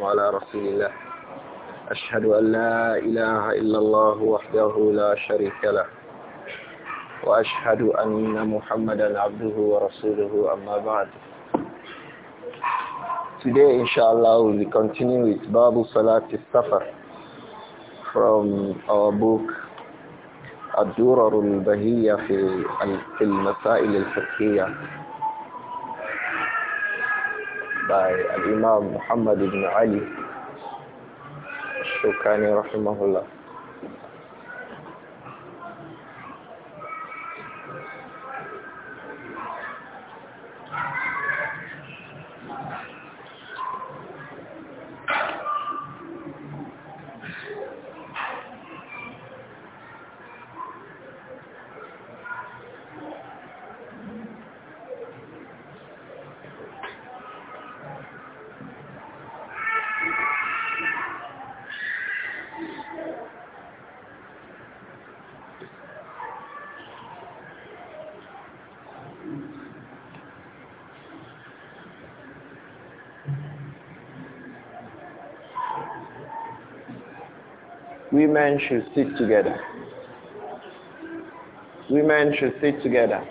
وعلى رسول الله أشهد أن لا إله إلا الله وحده لا شريك له وأشهد أن محمدا عبده ورسوله أما بعد Today inshallah we will continue with Babu Salat Safar from our book الدرر البهية في المسائل الفقهية by Imam Muhammad ibn Ali Shukani rahimahullah women should sit together. Women should sit together.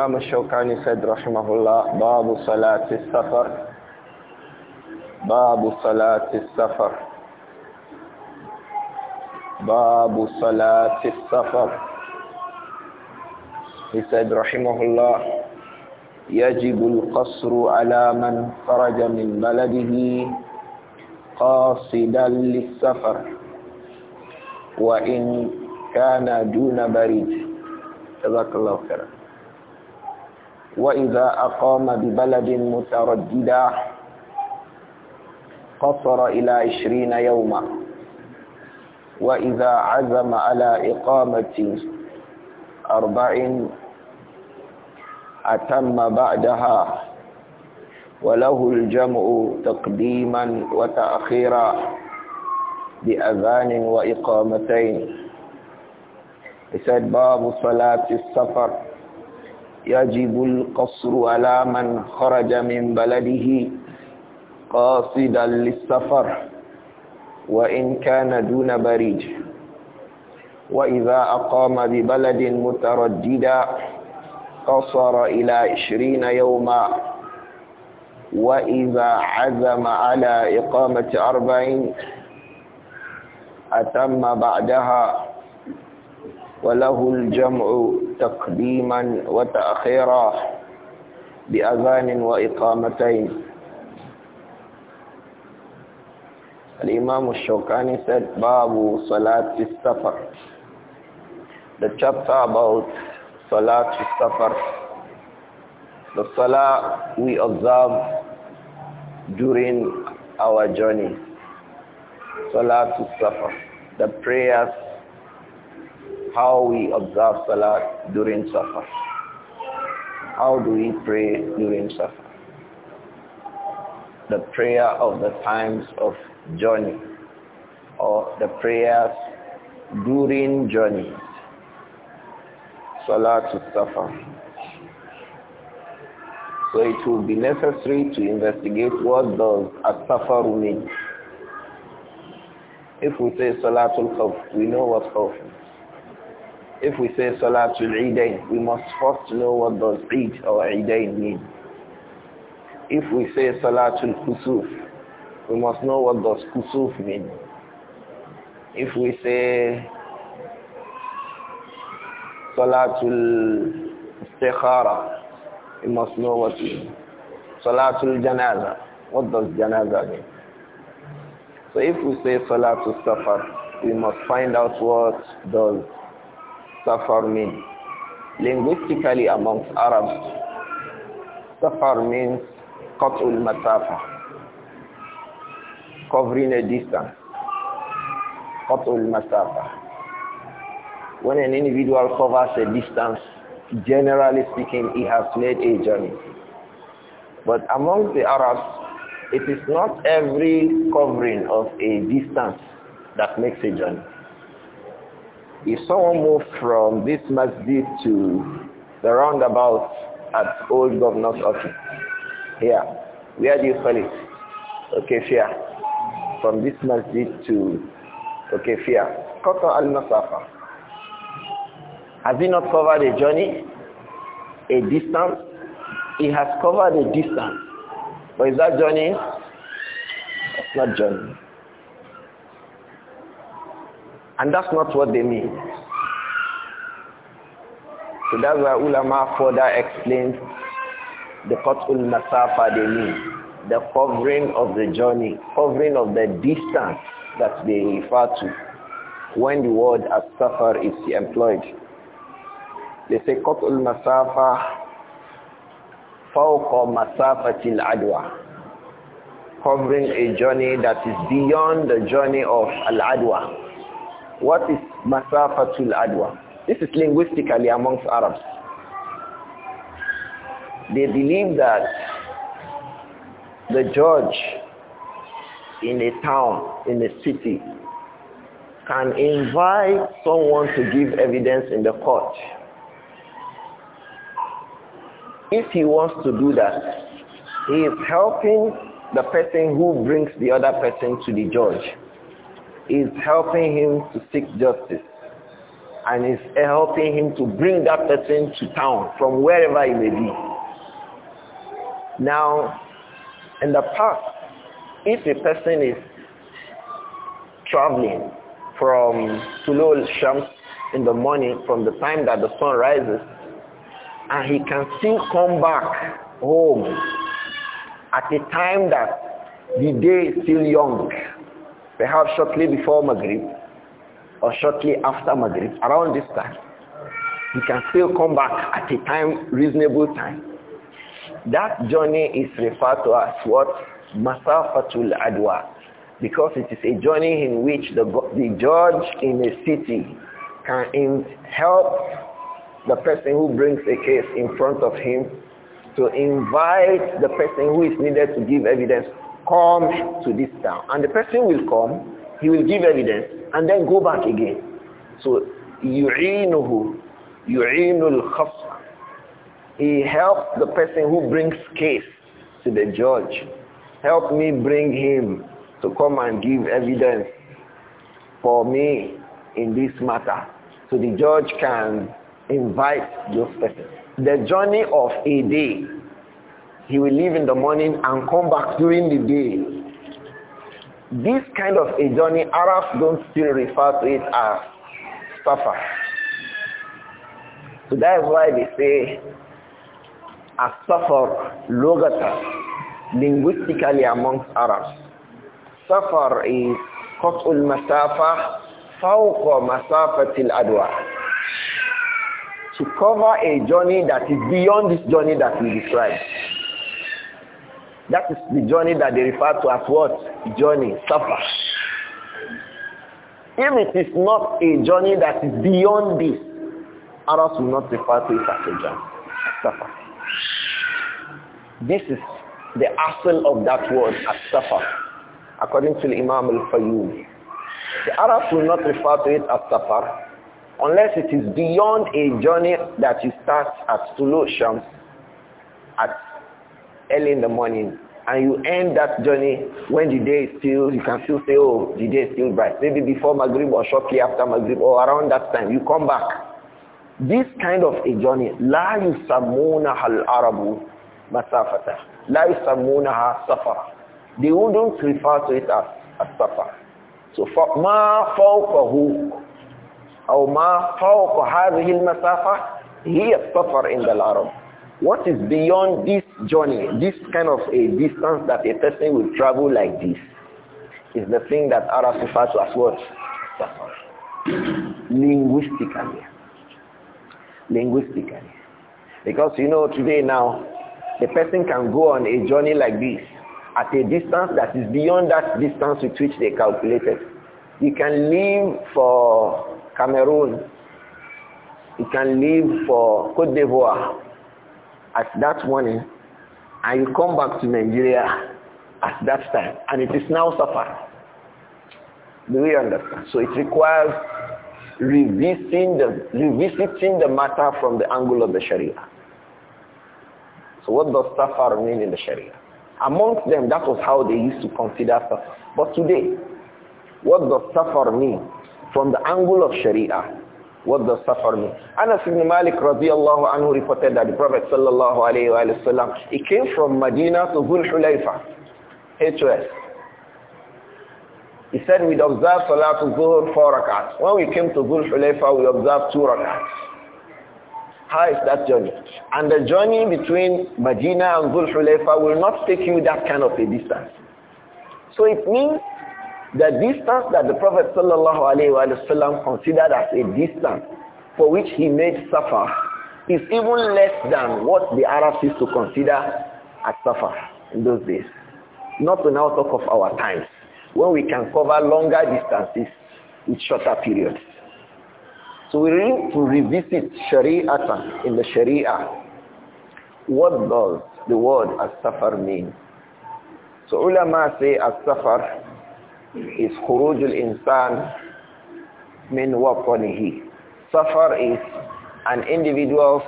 Imam Shawkani said rahimahullah Babu Salati Safar Babu Salati Safar Babu Salati Safar He said rahimahullah يجب القصر على من خرج من بلده قاصدا للسفر وإن كان دون بريد جزاك الله خيرا وإذا أقام ببلد مترددا قصر إلى عشرين يوما وإذا عزم على إقامة أربع أتم بعدها وله الجمع تقديما وتأخيرا بأذان وإقامتين He said, Babu Salat is يجب القصر على من خرج من بلده قاصدا للسفر وإن كان دون بريد وإذا أقام ببلد مترددا قصر إلى عشرين يوما وإذا عزم على إقامة أربعين أتم بعدها وله الجمع تقديما وتأخيرا بأذان وإقامتين الإمام الشوكاني said باب صلاة السفر the chapter about صلاة السفر the صلاة we observe during our journey صلاة السفر the prayers how we observe Salah during Safar. How do we pray during Safar? The prayer of the times of journey or the prayers during journey. Salah to Safar. So it will be necessary to investigate what does as-safar mean. If we say Salatul Khawf, we know what Khawf if we say Salatul Eidain, we must first know what does Eid or Eidain mean. If we say Salatul Kusuf, we must know what does Kusuf mean. If we say Salatul Istikhara, we must know what it means. Salatul Janaza, what does Janaza mean? So if we say Salatul Safar, we must find out what does Safar means. Linguistically amongst Arabs, Safar means Qat'ul Masafa, covering a distance. Qat'ul Masafa. When an individual covers a distance, generally speaking, he has made a journey. But among the Arabs, it is not every covering of a distance that makes a journey. If someone moved from this masjid to the roundabout at Old Governor's Office. Here. Where do you call it? Okay, fear. From this masjid to okay, fear. Koto al Nasafa. Has he not covered a journey? A distance? He has covered a distance. But is that journey? It's not journey. And that's not what they mean. So that's why ulama further explains the qat'ul masafa they mean. The covering of the journey, covering of the distance that they refer to when the word as-safar is employed. They say qat'ul masafa fawqa masafati adwa covering a journey that is beyond the journey of al-adwa what is masafatul adwa? This is linguistically amongst Arabs. They believe that the judge in a town, in a city, can invite someone to give evidence in the court. If he wants to do that, he is helping the person who brings the other person to the judge is helping him to seek justice and is helping him to bring that person to town from wherever he may be. Now, in the past, if a person is traveling from Tulul Shams in the morning from the time that the sun rises and he can still come back home at a time that the day is still young perhaps shortly before Maghrib or shortly after Maghrib, around this time, he can still come back at a time, reasonable time. That journey is referred to as what? Masafatul Adwa. Because it is a journey in which the, the judge in a city can help the person who brings a case in front of him to invite the person who is needed to give evidence come to this town. And the person will come, he will give evidence, and then go back again. So, يُعِينُهُ يُعِينُ الْخَصْمَ He helps the person who brings case to the judge. Help me bring him to come and give evidence for me in this matter. So the judge can invite those persons. The journey of a day he will leave in the morning and come back during the day. This kind of a journey, Arabs don't still refer to it as safar. So that is why they say As-Safar Logata, linguistically amongst Arabs. Safar is قطع المسافة فوق masafatil adwa. To cover a journey that is beyond this journey that we describe. That is the journey that they refer to as what? Journey, suffer. If it is not a journey that is beyond this, others will not refer to it as a journey. Suffer. This is the asal of that word as suffer, according to Imam al-Fayyum. The Arabs will not refer to it as suffer unless it is beyond a journey that you start at Tulu Shams at early in the morning and you end that journey when the day is still, you can still say, oh, the day is still bright. Maybe before Maghrib or shortly after Maghrib or around that time, you come back. This kind of a journey, لا يسمونها العرب مسافة لا يسمونها سفرة They wouldn't refer to it as, as سفر So ما فوقه أو ما فوق هذه المسافة هي السفر the العرب what is beyond this journey, this kind of a distance that a person will travel like this, is the thing that Arabs refer to as what? Linguistically. Linguistically. Because you know today now, the person can go on a journey like this at a distance that is beyond that distance with which they calculated. You can leave for Cameroon. You can leave for Cote d'Ivoire at that morning and you come back to Nigeria at that time and it is now suffer. Do we understand? So it requires revisiting the, revisiting the matter from the angle of the Sharia. So what does suffer mean in the Sharia? Amongst them, that was how they used to consider suffer. But today, what does suffer mean from the angle of Sharia? What does that mean? Anas ibn Malik radiallahu anhu reported that the Prophet sallallahu alayhi wa sallam, he came from Medina to Zul Hulayfa, HOS. He said we'd observe Salatul Zuhur four rakats. When we came to Zul Hulayfa, we observed two rakats. How is that journey? And the journey between Medina and Zul Hulayfa will not take you that kind of a distance. So it means the distance that the Prophet ﷺ considered as a distance for which he made safar is even less than what the Arabs used to consider as safar in those days. Not to now talk of our times, when we can cover longer distances with shorter periods. So we need to revisit Sharia in the Sharia. What does the word as-safar mean? So ulama say as-safar is خروج الإنسان من وطنه Safar is an individual's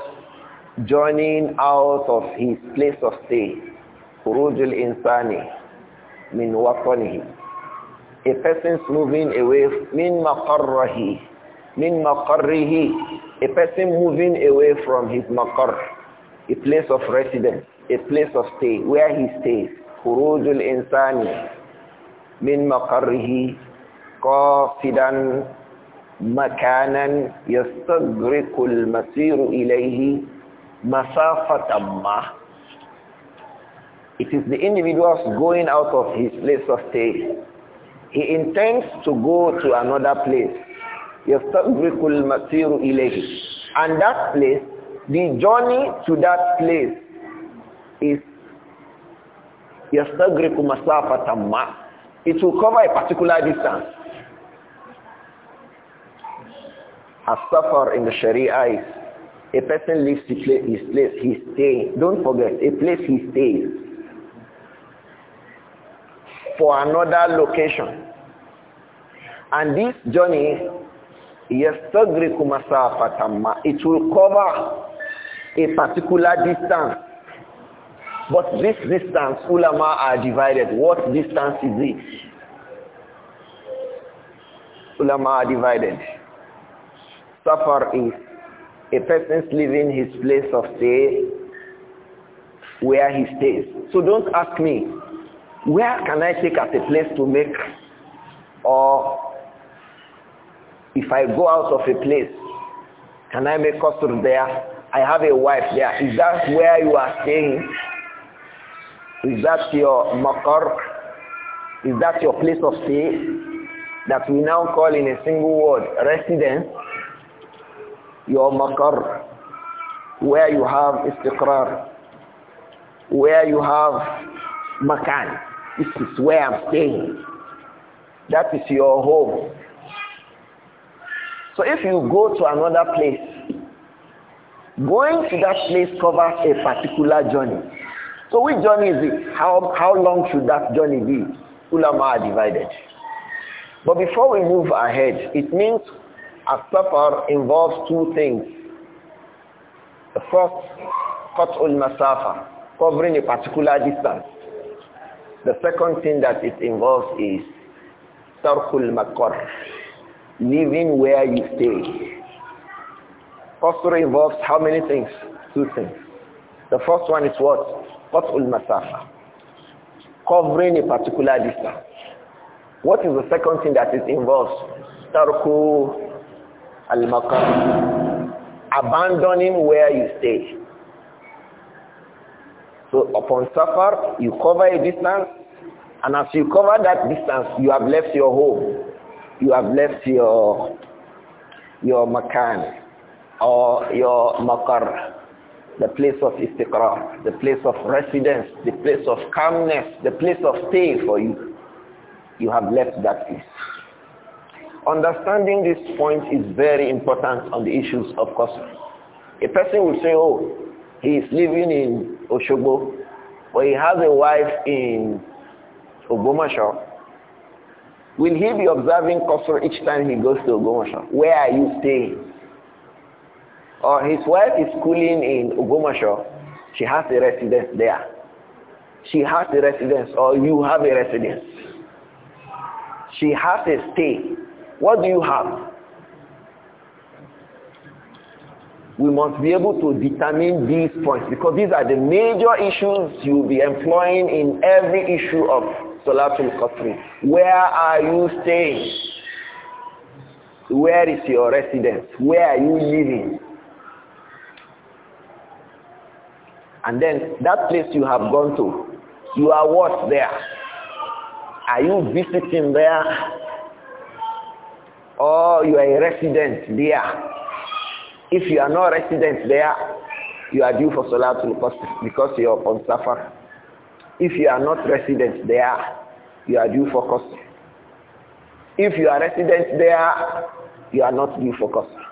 joining out of his place of stay خروج الإنسان من وطنه A person's moving away من مقره من مقره A person moving away from his مقر A place of residence, a place of stay, where he stays خروج الإنسان من مقره قاصدا مكانا يستغرق المسير إليه مسافة ما It is the individual's going out of his place of stay. He intends to go to another place. يستغرق المسير إليه And that place, the journey to that place is يستغرق مسافة ما it will cover a particular distance. As safar in the Sharia is a person leaves the place, his place he stays. Don't forget, a place he stays for another location. And this journey, يستغرق It will cover a particular distance. But this distance, ulama are divided. What distance is it? Ulama are divided. Safar is a person's leaving his place of stay where he stays. So don't ask me, where can I take as a place to make or if I go out of a place, can I make custom there? I have a wife there. Is that where you are staying? Is that your makar? Is that your place of stay? That we now call in a single word, residence. Your makar. Where you have istiqrar. Where you have makan. This is where I'm staying. That is your home. So if you go to another place, going to that place covers a particular journey. So which journey is it? How, how long should that journey be? Ulama are divided. But before we move ahead, it means a safar involves two things. The first, ul masafa, covering a particular distance. The second thing that it involves is tarkul makar, living where you stay. Qasr involves how many things? Two things. The first one is what? Qat'ul masafa. Covering a particular distance. What is the second thing that is involved? Tarku al-maqam. Abandoning where you stay. So upon safar, you cover a distance, and as you cover that distance, you have left your home. You have left your your makan or your makar the place of istiqrar, the place of residence, the place of calmness, the place of stay for you. You have left that place. Understanding this point is very important on the issues of custom. A person will say, oh, he is living in Oshobo, or he has a wife in Ogbomoso. Will he be observing custom each time he goes to Ogbomoso? Where are you staying? Or uh, his wife is schooling in Ugomasho. She has a residence there. She has a residence or you have a residence. She has a stay. What do you have? we must be able to determine these points because these are the major issues you'll be employing in every issue of Salatul Qasri. Where are you staying? Where is your residence? Where are you living? And then that place you have gone to, you are what there? Are you visiting there? Or you are a resident there? If you are not resident there, you are due for Salatul Qasr because you are on Safar. If you are not resident there, you are due for Qasr. If you are resident there, you are not due for Qasr.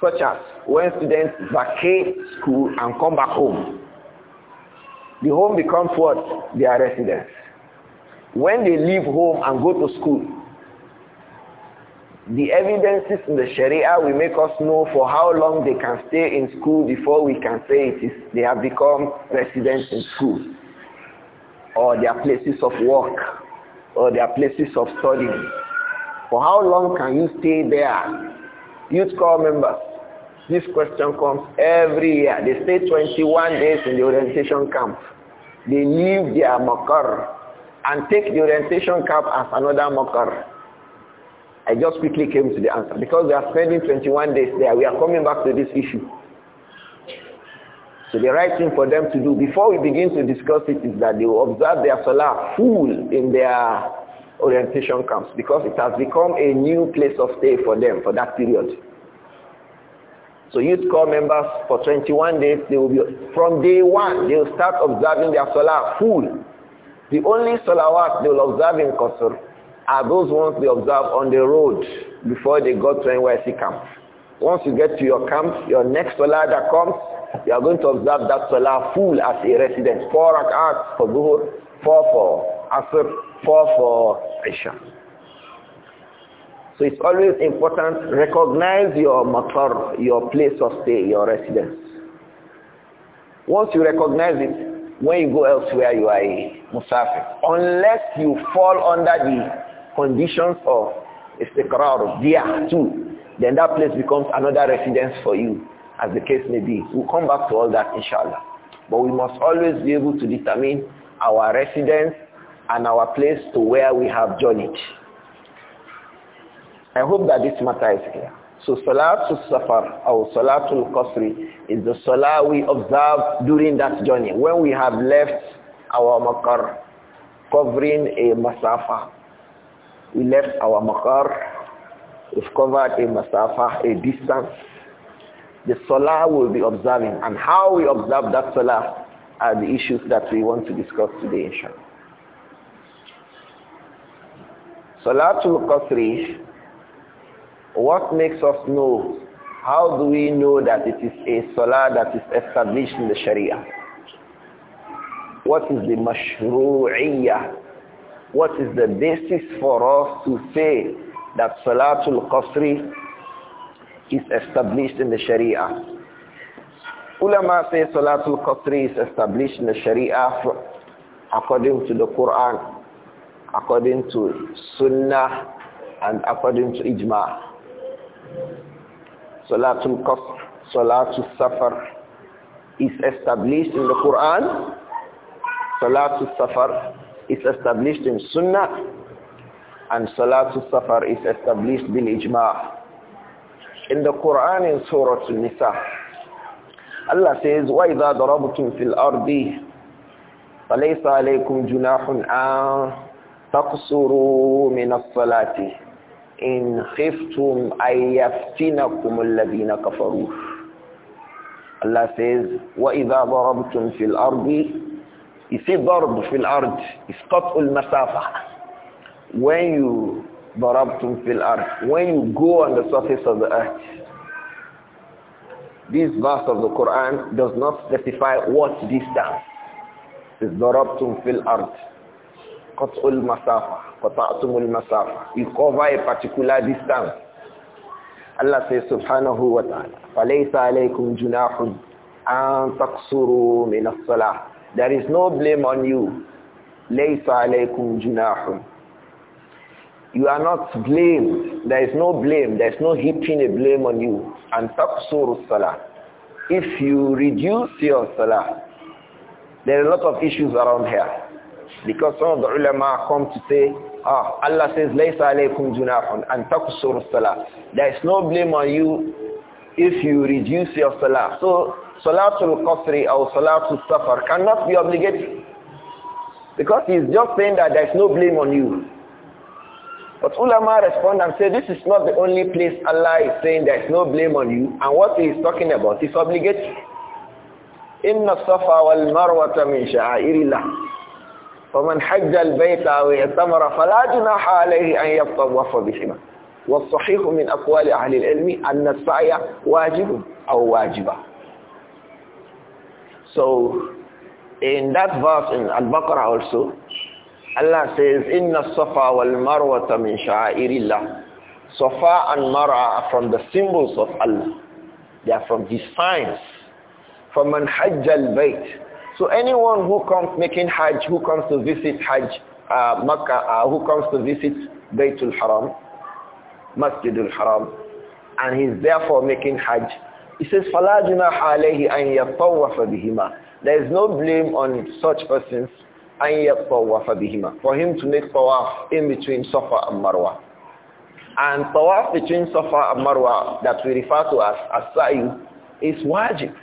Such as when students vacate school and come back home, the home becomes what? Their residence. When they leave home and go to school, the evidences in the Sharia will make us know for how long they can stay in school before we can say it is they have become residents in school or their places of work or their places of study. For how long can you stay there? Youth core members, this question comes every year. They stay 21 days in the orientation camp. They leave their makar and take the orientation camp as another makar. I just quickly came to the answer because they are spending 21 days there. We are coming back to this issue. So the right thing for them to do before we begin to discuss it is that they will observe their salah full in their orientation camps because it has become a new place of stay for them for that period. So youth corps members for 21 days, they will be, from day one, they will start observing their salah full. The only salawat they will observe in Qasr are those ones they observe on the road before they go to NYC camp. Once you get to your camp, your next salah that comes, you are going to observe that salah full as a resident. Four rak'at for Zuhur, four for Asr, four for Isha. So it's always important, recognize your matar, your place of stay, your residence. Once you recognize it, when you go elsewhere, you are a musafir. Unless you fall under the conditions of istiqrar, dia too, then that place becomes another residence for you, as the case may be. We'll come back to all that, inshallah. But we must always be able to determine our residence and our place to where we have journeyed. I hope that this matter is clear. So Salatul Safar or Salatul Qasri is the Salah we observe during that journey. When we have left our Makar, covering a Masafa, we left our Makar, we've covered a Masafa, a distance. The Salah will be observing and how we observe that Salah are the issues that we want to discuss today inshallah. Salatul Qasri what makes us know? How do we know that it is a salah that is established in the Sharia? What is the mashru'iyah? What is the basis for us to say that Salatul Qasri is established in the Sharia? Ulama say Salatul Qasri is established in the Sharia according to the Quran, according to Sunnah, and according to Ijma. Salatul Qasr, Salatul Safar is established in the Quran. Salatul Safar is established in Sunnah. And Salatul Safar is established in Ijma'. In the Quran in Surah Al-Nisa, Allah says, وَإِذَا ضَرَبْتُمْ فِي الْأَرْضِ فَلَيْسَ عَلَيْكُمْ جُنَاحٌ أَن تَقْصُرُوا مِنَ الصَّلَاةِ in khiftum ayyaftinakum alladhina kafaru Allah says wa idha darabtum fil ardi you see darb fil ard is qat'ul masafa when you darabtum fil ard when you go on the surface of the earth this verse of the Quran does not specify what distance is darabtum fil ard masafa, masafa. You cover a particular distance. Allah says subhanahu wa ta'ala, فَلَيْسَ عَلَيْكُمْ جُنَاحٌ أَن تَقْصُرُوا مِنَ الصَّلَاةِ There is no blame on you. لَيْسَ عَلَيْكُمْ جُنَاحٌ You are not blamed. There is no blame. There is no heaping a blame on you. And تَقْصُرُوا الصَّلَاةِ If you reduce your salah, there are a lot of issues around here. Because some of the ulama come to say, ah, Allah says, لَيْسَ عَلَيْكُمْ جُنَاحٌ أَنْ تَقْصُرُ الصَّلَاة There is no blame on you if you reduce your salah. So, salatul qasri or salatul safar cannot be obligatory. Because he's just saying that there is no blame on you. But ulama respond and say, this is not the only place Allah is saying there is no blame on you. And what he is talking about is obligatory. إِنَّ الصَّفَا وَالْمَرْوَةَ مِنْ شَعَائِرِ اللَّهِ فمن حج البيت أو اعتمر فلا جناح عليه أن يطوف بهما والصحيح من أقوال أهل العلم أن السعي واجب أو واجبة So in that verse in Al-Baqarah also Allah says إن الصفا والمروة من شعائر الله صفا and are from the symbols of Allah They are from His signs فمن حج البيت So anyone who comes making Hajj, who comes to visit Hajj, uh, Makkah, uh, who comes to visit Baytul Haram, Masjidul Haram, and he's therefore making Hajj, he says, فَلَا جُنَاحَ عَلَيْهِ أَنْ يَطَوَّفَ بِهِمَا There is no blame on such persons أَنْ يَطَوَّفَ بِهِمَا For him to make tawaf in between Safa and Marwa. And tawaf between Safa and Marwa that we refer to as as is wajib.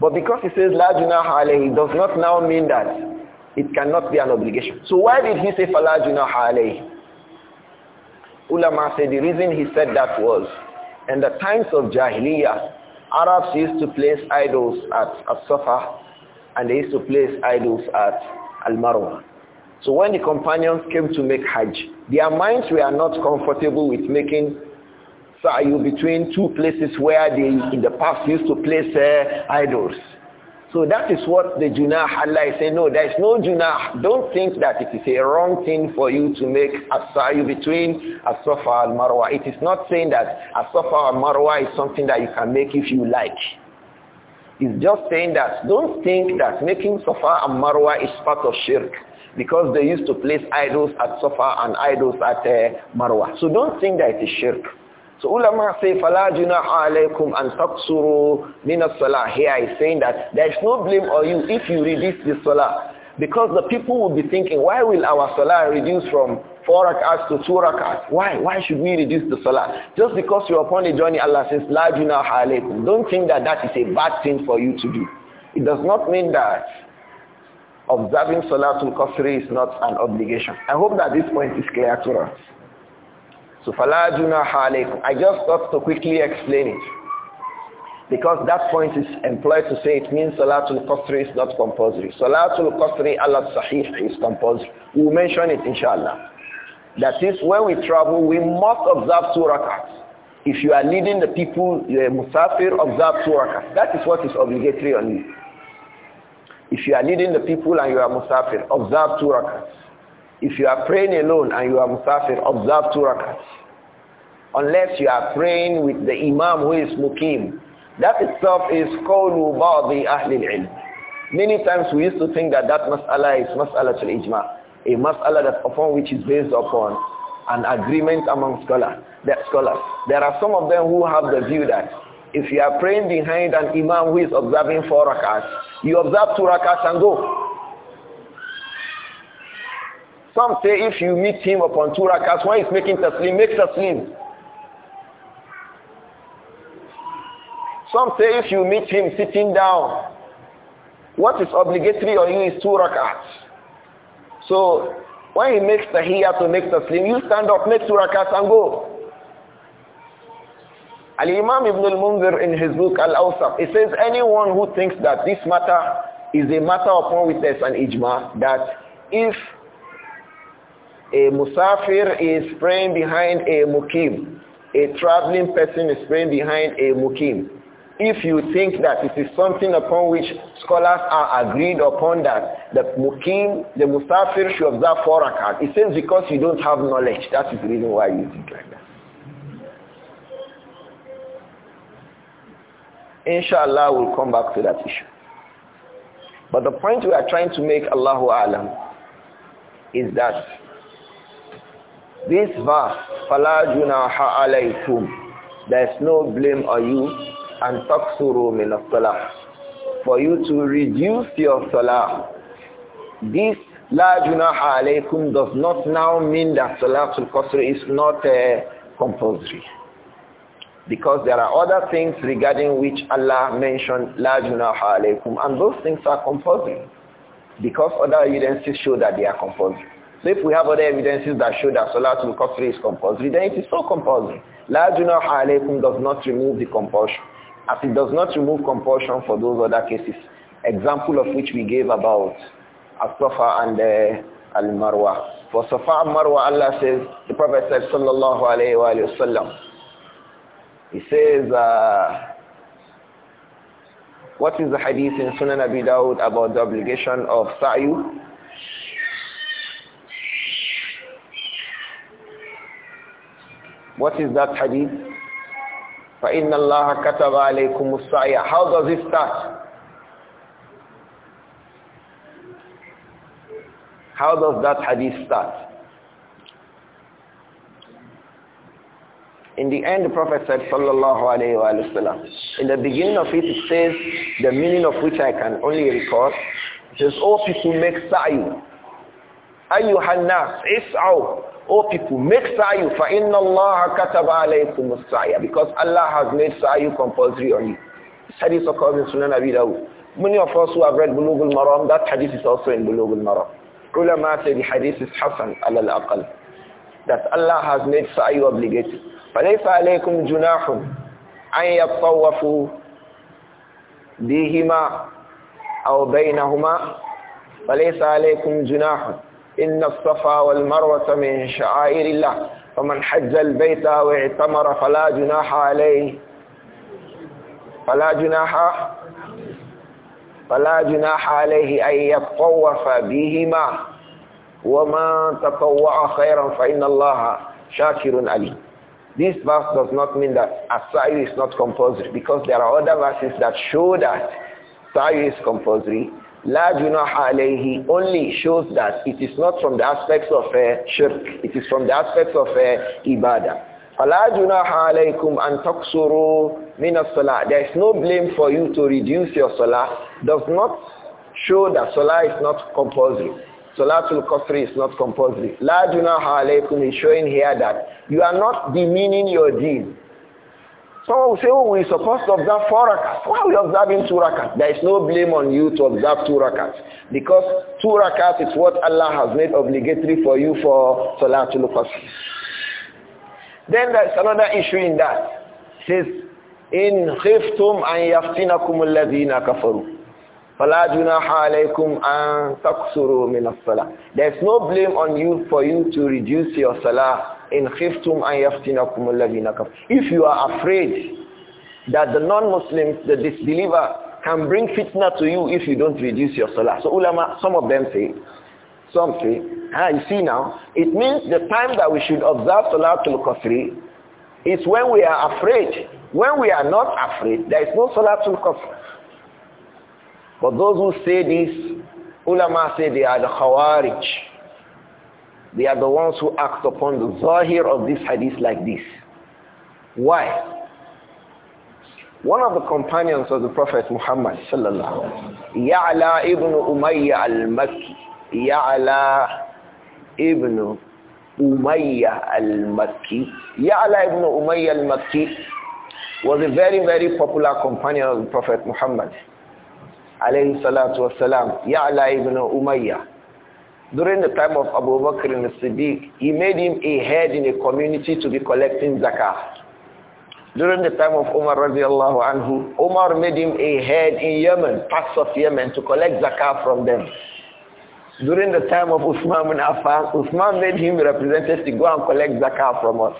But because he says la haleh, it does not now mean that it cannot be an obligation. So why did he say falajuna haleh? Ulama said the reason he said that was in the times of Jahiliyyah, Arabs used to place idols at As-Safa and they used to place idols at Al-Marwa. So when the companions came to make Hajj, their minds were not comfortable with making you between two places where they in the past used to place uh, idols. So that is what the junah Allah is saying. No, there is no junah. Don't think that it is a wrong thing for you to make asayu between asafa and marwa. It is not saying that asafa and marwa is something that you can make if you like. It's just saying that don't think that making safa and marwa is part of shirk because they used to place idols at safa and idols at uh, marwa. So don't think that it is shirk. So ulama say, فَلَا جُنَاحَ عَلَيْكُمْ أَنْ تَقْصُرُوا مِنَ الصَّلَاةِ Here is saying that there is no blame on you if you reduce the salah. Because the people will be thinking, why will our salah reduce from four rak'ahs to two rak'ahs? Why? Why should we reduce the salah? Just because you're upon a journey, Allah says, لَا جُنَاحَ عَلَيْكُمْ Don't think that that is a bad thing for you to do. It does not mean that observing Salatul Qasri is not an obligation. I hope that this point is clear to us. So فَلَا جُنَاحَ I just thought to quickly explain it. Because that point is employed to say it means Salatul Qasri is not compulsory. Salatul Qasri ala Sahih is compulsory. We'll mention it inshallah. That is when we travel, we must observe two rakats. If you are leading the people, you the musafir, observe two rakats. That is what is obligatory on you. If you are leading the people and you are musafir, observe two rakats. If you are praying alone and you are musafir, observe two rakats. Unless you are praying with the imam who is mukim. That itself is qawlu ba'di ahli al-ilm. Many times we used to think that that mas'ala is mas'ala to ijma a mas'ala that upon which is based upon an agreement among scholars, that scholars. There are some of them who have the view that if you are praying behind an imam who is observing four rakats, you observe two rakats and go. Some say if you meet him upon two rakas, when he's making taslim, make taslim. Some say if you meet him sitting down, what is obligatory on you is two rakas. So when he makes tahiyya to make taslim, you stand up, make two rakas and go. Al-Imam Ibn al-Munzir in his book Al-Awsaf, he says anyone who thinks that this matter is a matter upon which there's an ijma, that if a musafir is praying behind a mukim. A traveling person is praying behind a mukim. If you think that it is something upon which scholars are agreed upon that the mukim, the musafir should observe four rakat, it says because you don't have knowledge. That is the reason why you think like that. Inshallah, we'll come back to that issue. But the point we are trying to make, Allahu Alam, is that this verse, فَلَا جُنَاحَ عَلَيْكُمْ There is no blame on you and تَقْصُرُوا مِنَ الصَّلَاةِ For you to reduce your salah. This La junaha alaykum does not now mean that Salatul Qasr is not uh, compulsory. Because there are other things regarding which Allah mentioned La junaha alaykum and those things are compulsory. Because other evidences show that they are compulsory. So if we have other evidences that show that Salatul Kafir is compulsory, then it is so compulsory. La Junah alaykum does not remove the compulsion. As it does not remove compulsion for those other cases, example of which we gave about as and uh, Al-Marwa. For Safa and Marwa, Allah says, the Prophet said, Sallallahu Alaihi Wasallam, he says, uh, what is the hadith in Sunan Abi Dawud about the obligation of Sa'yu What is that hadith? فَإِنَّ اللَّهَ كَتَبَ عَلَيْكُمُ السَّعْيَ How does it start? How does that hadith start? In the end, the Prophet said, Sallallahu wa sallam. in the beginning of it, it says, the meaning of which I can only recall, it says, all people make sa'i. Ayyuhannas, is'aw. O oh, people, make sayu fa inna Allah kataba alaykum saya because Allah has made sayu compulsory on you. This hadith occurs in Sunan Abi Dawud. Many of us who have read Bulugh al-Maram, that hadith is also in Bulugh al-Maram. Ulama say the hadith is Hassan al-Aqal. That Allah has made sayu obligatory. فَلَيْسَ عَلَيْكُمْ جُنَاحٌ أَنْ يَطَّوَّفُوا بِهِمَا أَوْ بَيْنَهُمَا فَلَيْسَ عَلَيْكُمْ جُنَاحٌ إن الصفا والمروة من شعائر الله فمن حج البيت واعتمر فلا جناح عليه فلا جناح فلا جناح عليه أن يتطوف بهما وما تطوع خيرا فإن الله شاكر عليم This verse does not mean that a sayu is not compulsory because there are other verses that show that sayu is compulsory La junaha alayhi only shows that it is not from the aspects of uh, shirk. It is from the aspects of uh, ibadah. فَلَا جُنَاحَ عَلَيْكُمْ أَن تَقْصُرُوا مِنَ الصَّلَاةِ There is no blame for you to reduce your salah. Does not show that salah is not compulsory. Salatul Qasri is not compulsory. La junaha alaykum is showing here that you are not demeaning your deen. Someone will say, oh, we're supposed to observe four rakats. Why are we observing two rakats? There is no blame on you to observe two rakats. Because two rakats is what Allah has made obligatory for you for Salatul Qasr. Then there's another issue in that. It says, in khiftum an yaftinakum alladhina kafaru. فَلَا جُنَاحَ عَلَيْكُمْ أَن تَقْصُرُوا مِنَ الصَّلَاةِ There's no blame on you for you to reduce your salah in khiftum an yaftinakum alladhina kafar if you are afraid that the non-muslims the disbeliever can bring fitna to you if you don't reduce your salah so ulama some of them say some say ah you see now it means the time that we should observe salatul kafri is when we are afraid when we are not afraid there is no salatul kafri but those who say this ulama say they are the khawarij they are the ones who act upon the zahir of this hadith like this. Why? One of the companions of the Prophet Muhammad sallallahu Ya'la ibn Umayya al-Makki. Ya'la ibn Umayyah al-Makki. Ya'la ibn Umayya al-Makki was a very, very popular companion of the Prophet Muhammad alayhi salatu wasalam. Ya'la ibn Umayyah during the time of Abu Bakr and Siddiq, he made him a head in a community to be collecting zakah. During the time of Umar radiallahu anhu, Umar made him a head in Yemen, parts of Yemen, to collect zakah from them. During the time of Uthman bin Affan, Uthman made him representative to go and collect zakah from us.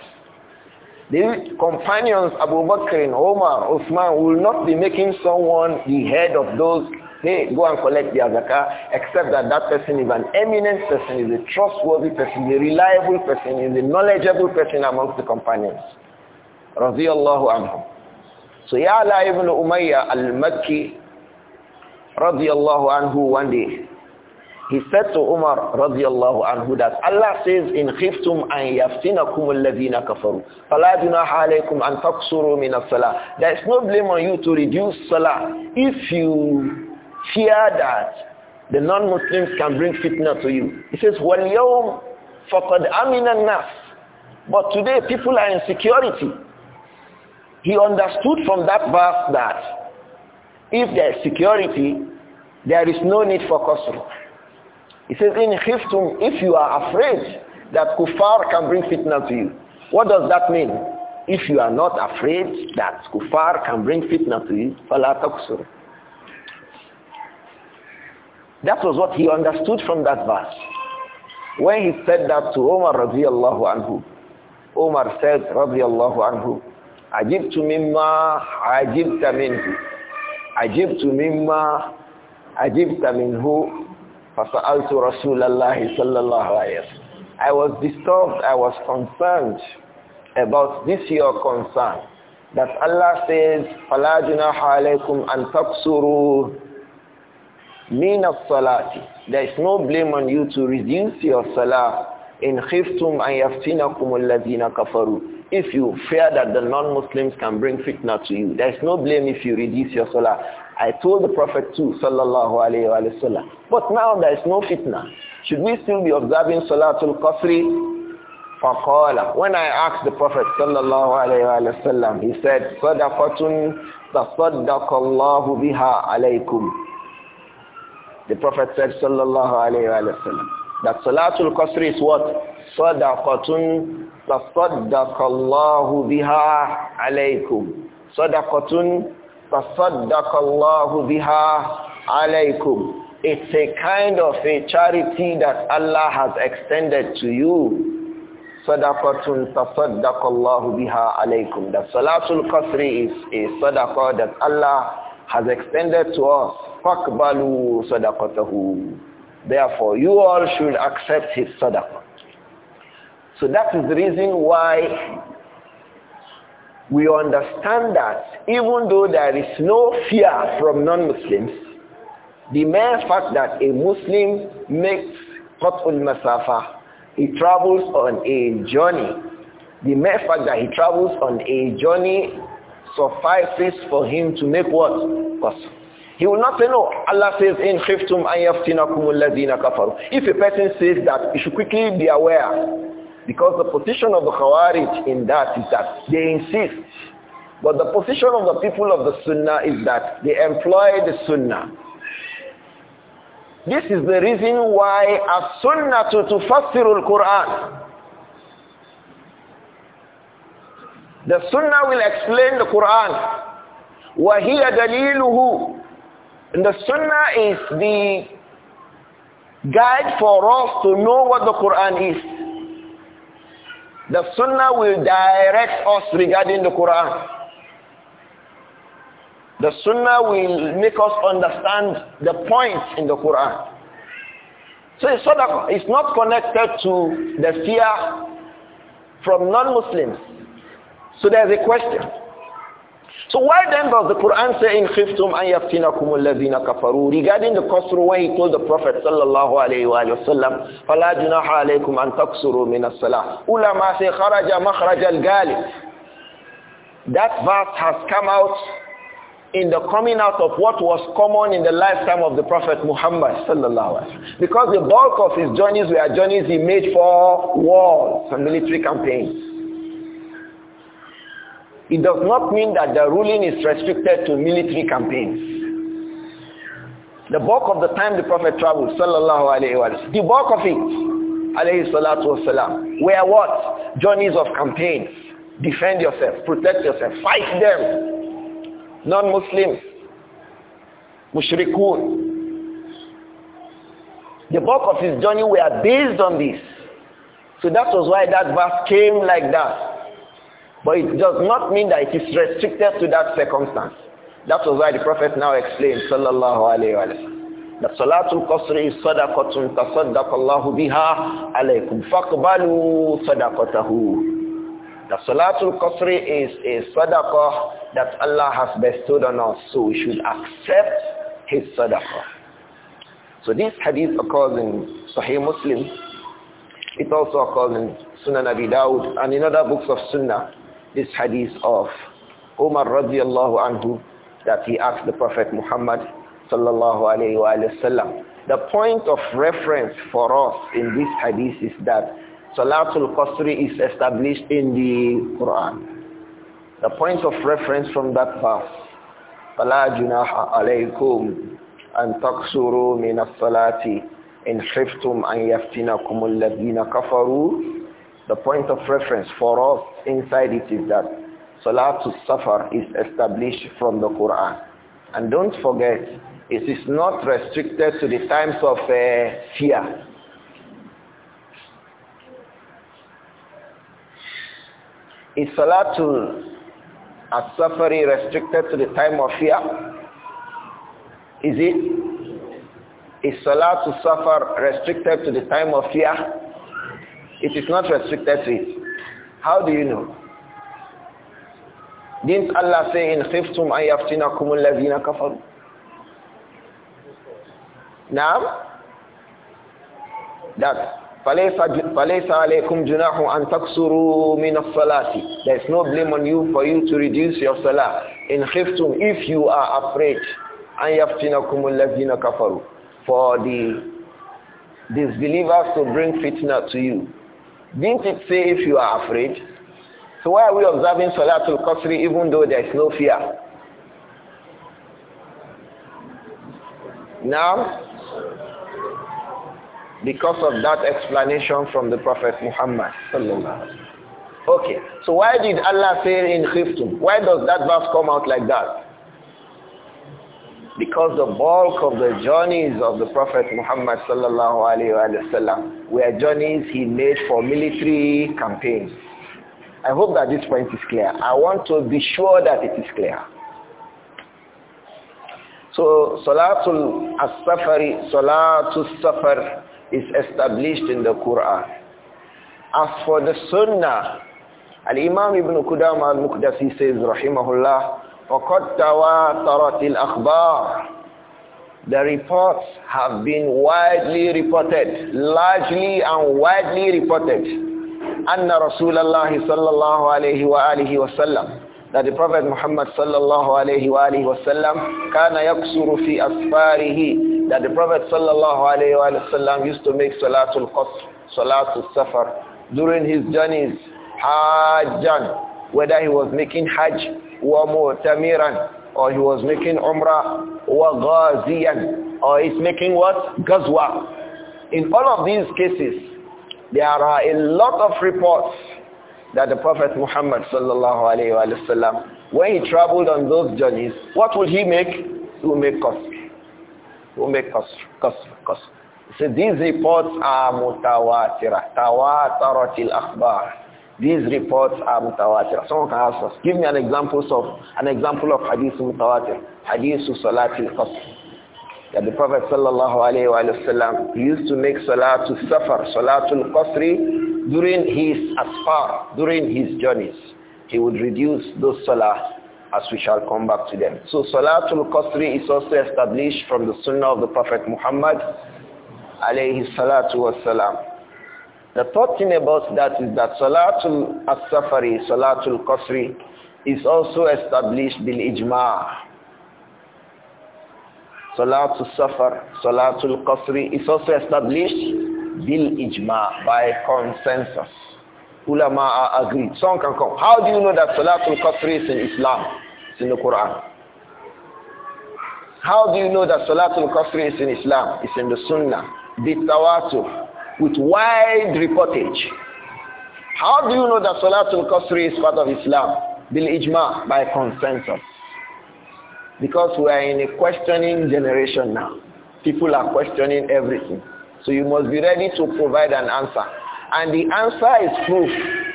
The companions Abu Bakr, Omar, Uthman will not be making someone the head of those Hey, go and collect the zakah, except that that person is an eminent person, is a trustworthy person, is a reliable person, is a knowledgeable person amongst the companions. Radiallahu anhum. So Ya'la ibn Umayyah al-Makki, radiallahu anhu, one day, he said to Umar radiallahu anhu that Allah says in khiftum an yaftinakum alladhina kafaru fala junaha alaykum an taqsuru min as-salah there is no blame on you to reduce salah if you fear that the non-Muslims can bring fitna to you. He says, وَالْيَوْمْ فَقَدْ أَمِنَ النَّاسِ But today people are in security. He understood from that verse that if there is security, there is no need for qasr. He says, in khiftum, if you are afraid that kuffar can bring fitna to you, what does that mean? If you are not afraid that kuffar can bring fitna to you, فَلَا تَقْصُرُ that was what he understood from that verse. When he said that to Omar radiallahu anhu, Omar said radiallahu anhu, Ajibtu mimma ajibta minhu. Ajibtu mimma ajibta minhu. Fasa'altu Rasulallahi sallallahu alayhi wa I was disturbed, I was concerned about this your concern. That Allah says, فَلَا جُنَاحَ عَلَيْكُمْ أَن تَقْصُرُوا min as-salati. There is no blame on you to reduce your salah in khiftum an yaftinakum alladhina kafaru. If you fear that the non-Muslims can bring fitna to you, there is no blame if you reduce your salah. I told the Prophet too, sallallahu alayhi wa sallam. But now there is no fitna. Should we still be observing Salatul Qasri? فَقَالَ When I asked the Prophet sallallahu alayhi wa sallam, he said, صَدَقَةٌ تَصَدَّقَ biha alaykum." The Prophet said, Sallallahu Alaihi Wasallam, that Salatul Qasr is what? Sadaqatun tasaddaqallahu biha alaykum. Sadaqatun tasaddaqallahu biha alaykum. It's a kind of a charity that Allah has extended to you. Sadaqatun tasaddaqallahu biha alaykum. That Salatul Qasr is a sadaqah that Allah has extended to us. فَقْبَلُوا صَدَقَتَهُ Therefore, you all should accept his sadaqah. So that is the reason why we understand that even though there is no fear from non-Muslims, the mere fact that a Muslim makes Qat'ul Masafa, he travels on a journey, the mere fact that he travels on a journey suffices for him to make what? Qasr. He will not say no. Allah says, In khiftum kafaru. If a person says that, he should quickly be aware. Because the position of the Khawarij in that is that they insist. But the position of the people of the Sunnah is that they employ the Sunnah. This is the reason why a Sunnah to the Quran. The Sunnah will explain the Quran. وَهِيَ دَلِيلُهُ the sunnah is the guide for us to know what the Quran is. The sunnah will direct us regarding the Quran. The sunnah will make us understand the points in the Quran. So it's not, it's not connected to the fear from non-Muslims. So there's a question. So why then does the Quran say in khiftum an yaftinakum alladhina kafaru regarding the qasr Why he told the Prophet sallallahu alayhi wa sallam fala junaha alaykum an taqsuru min as-salah ulama say kharaja makhraj al-galib that verse has come out in the coming out of what was common in the lifetime of the Prophet Muhammad sallallahu alaihi because the bulk of his journeys were journeys he made for wars and military campaigns it does not mean that the ruling is restricted to military campaigns. The bulk of the time the Prophet traveled, sallallahu alayhi wa the bulk of it, alayhi salatu were what? Journeys of campaigns. Defend yourself, protect yourself, fight them. Non-Muslims, mushrikun. The bulk of his journey were based on this. So that was why that verse came like that. But it does not mean that it is restricted to that circumstance. That was why the Prophet now explained, sallallahu alayhi wa sallam, that salatul qasri is sadaqatun tasaddaqallahu biha alaykum faqbalu sadaqatahu. That salatul qasri is a sadaqah that Allah has bestowed on us, so we should accept his sadaqah. So this hadith occurs in Sahih Muslim. It also occurs in Sunan Abi Dawud and in other books of Sunnah this hadith of Umar radiallahu anhu that he asked the Prophet Muhammad sallallahu alayhi wa The point of reference for us in this hadith is that Salatul Qasri is established in the Quran. The point of reference from that verse, فَلَا جُنَاحَ عَلَيْكُمْ أَن تَقْصُرُوا مِنَ الصَّلَاةِ إِنْ خِفْتُمْ أَن يَفْتِنَكُمُ الَّذِينَ كَفَرُوا the point of reference for us inside it is that to suffer is established from the Quran. And don't forget, it is not restricted to the times of uh, fear. Is Salatul As-Safari restricted to the time of fear? Is it? Is Salatul Safar restricted to the time of fear? It is not restricted to it. How do you know? Didn't Allah say in khiftum an yaftinakum alladhina kafaru? Naam? That فَلَيْسَ عَلَيْكُمْ جُنَاحٌ أَن تَكْسُرُوا مِنَ الصَّلَاةِ There is no blame on you for you to reduce your salah. In khiftum, if you are afraid, أَن يَفْتِنَكُمُ الَّذِينَ كَفَرُوا For the disbelievers to bring fitna to you. Didn't it say if you are afraid? So why are we observing Salatul Qasri even though there is no fear? Now, because of that explanation from the Prophet Muhammad. Okay, so why did Allah say in Khiftum? Why does that verse come out like that? because the bulk of the journeys of the Prophet Muhammad sallallahu alayhi wa were journeys he made for military campaigns. I hope that this point is clear. I want to be sure that it is clear. So Salatul As-Safari, Salatul Safar is established in the Quran. As for the Sunnah, Al-Imam Ibn Qudam al-Muqdasi says, Rahimahullah, the reports have been widely reported, largely and widely reported. Anna Rasulullah sallallahu صَلَّى اللَّهُ that the Prophet Muhammad sallallahu alayhi wa alihi wasallam kana yaksuru fi asfarihi that the Prophet sallallahu alayhi wa sallam used to make salatul qasr salatul safar during his journeys hajjan whether he was making hajj وَمُؤْتَمِرًا Or he was making Umrah وَغَازِيًا Or he's making what? Ghazwa. In all of these cases, there are a lot of reports that the Prophet Muhammad sallallahu alayhi wa sallam, when he traveled on those journeys, what would he make? He will make qasr. He will make qasr, qasr, qasr. So these reports are mutawatirah mutawatira, tawataratil akhbar. These reports are mutawatir. Someone can ask us, give me an example of an example of hadith mutawatir. Hadith salatul qasr. That the Prophet sallallahu alaihi wasallam used to make salat salatul safar, salatul qasri during his asfar, during his journeys. He would reduce those salat as we shall come back to them. So salatul qasri is also established from the sunnah of the Prophet Muhammad alayhi salatu wasalam. The third thing about that is that Salatul As-Safari, Salatul Qasri is also established bil ijma. Salatul Safar, Salatul Qasri is also established bil ijma by consensus. Ulama agreed. Someone can come. How do you know that Salatul Qasri is in Islam? It's in the Quran. How do you know that Salatul Qasri is in Islam? It's in the Sunnah. Bitawatur with wide reportage. How do you know that Salatul Qasri is part of Islam? Bil Ijma, by consensus. Because we are in a questioning generation now. People are questioning everything. So you must be ready to provide an answer. And the answer is proof.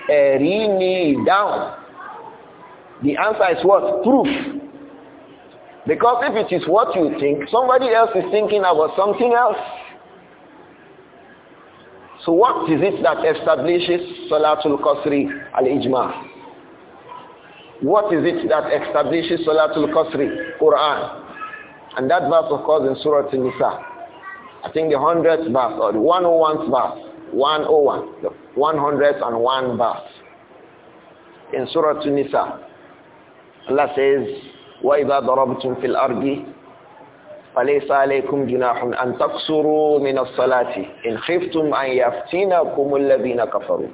Erini down. The answer is what? Proof. Because if it is what you think, somebody else is thinking about something else. So what is it that establishes Salatul Qasri al-Ijma? What is it that establishes Salatul Qasri? Quran. And that verse of course in Surah Al-Nisa. I think the 100th verse or the 101st verse. 101. The 101 verse. In Surah Al-Nisa. Allah says, وَإِذَا ضَرَبْتُمْ فِي الْأَرْضِ فليس عليكم جناح أن تقصروا من الصلاة إن خفتم أن يفتنكم الذين كفروا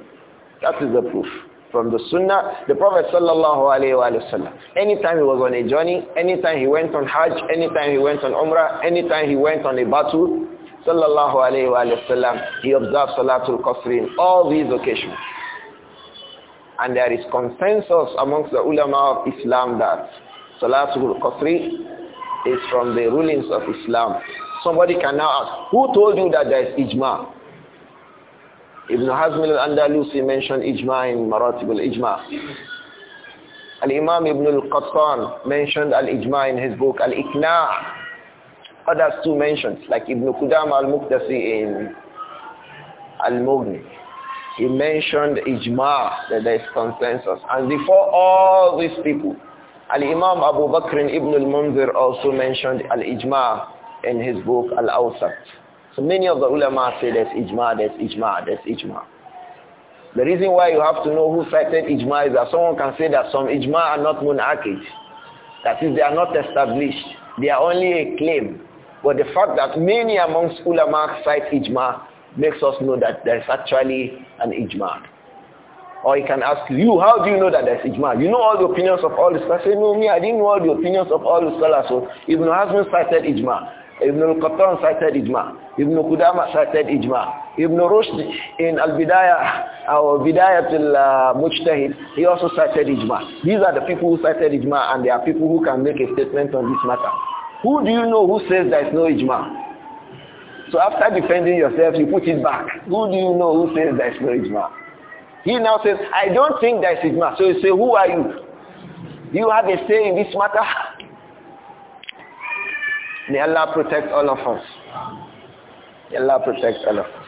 That is the proof from the sunnah. The Prophet sallallahu alayhi wa sallam, anytime he was on a journey, anytime he went on hajj, anytime he went on umrah, anytime he went on a battle, sallallahu alayhi wa sallam, he observed salatul qasr in all these occasions. And there is consensus amongst the ulama of Islam that salatul qasr is from the rulings of Islam. Somebody can now ask, who told you that there is ijma? Ibn Hazm al-Andalusi mentioned ijma in Maratib al-Ijma. Al-Imam Ibn al-Qattan mentioned al-ijma in his book al ikna Others too mentioned, like Ibn Qudama al-Muqtasi in Al-Mughni. He mentioned ijma, that there is consensus. And before all these people, Al-Imam Abu Bakr ibn al-Munzir also mentioned al-ijma' in his book Al-Awsat. So many of the ulama say there's ijma, there's ijma, there's ijma. The reason why you have to know who cited ijma is that someone can say that some ijma are not munakid. That is, they are not established. They are only a claim. But the fact that many amongst ulama cite ijma makes us know that there is actually an ijma. Or he can ask you, how do you know that there's ijma? You know all the opinions of all the scholars. Say, no, me, I didn't know all the opinions of all the scholars. So Ibn Hazm cited ijma. Ibn al-Qattan cited ijma. Ibn Qudama cited ijma. Ibn Rushd in al-Bidayah, our Bidayah uh, al-Mujtahid, he also cited ijma. These are the people who cited ijma and there are people who can make a statement on this matter. Who do you know who says there is no ijma? So after defending yourself, you put it back. Who do you know who says there is no ijma? He now says, I don't think that is Ijma. So you say, who are you? you have a say in this matter? May Allah protect all of us. May Allah protect all of us.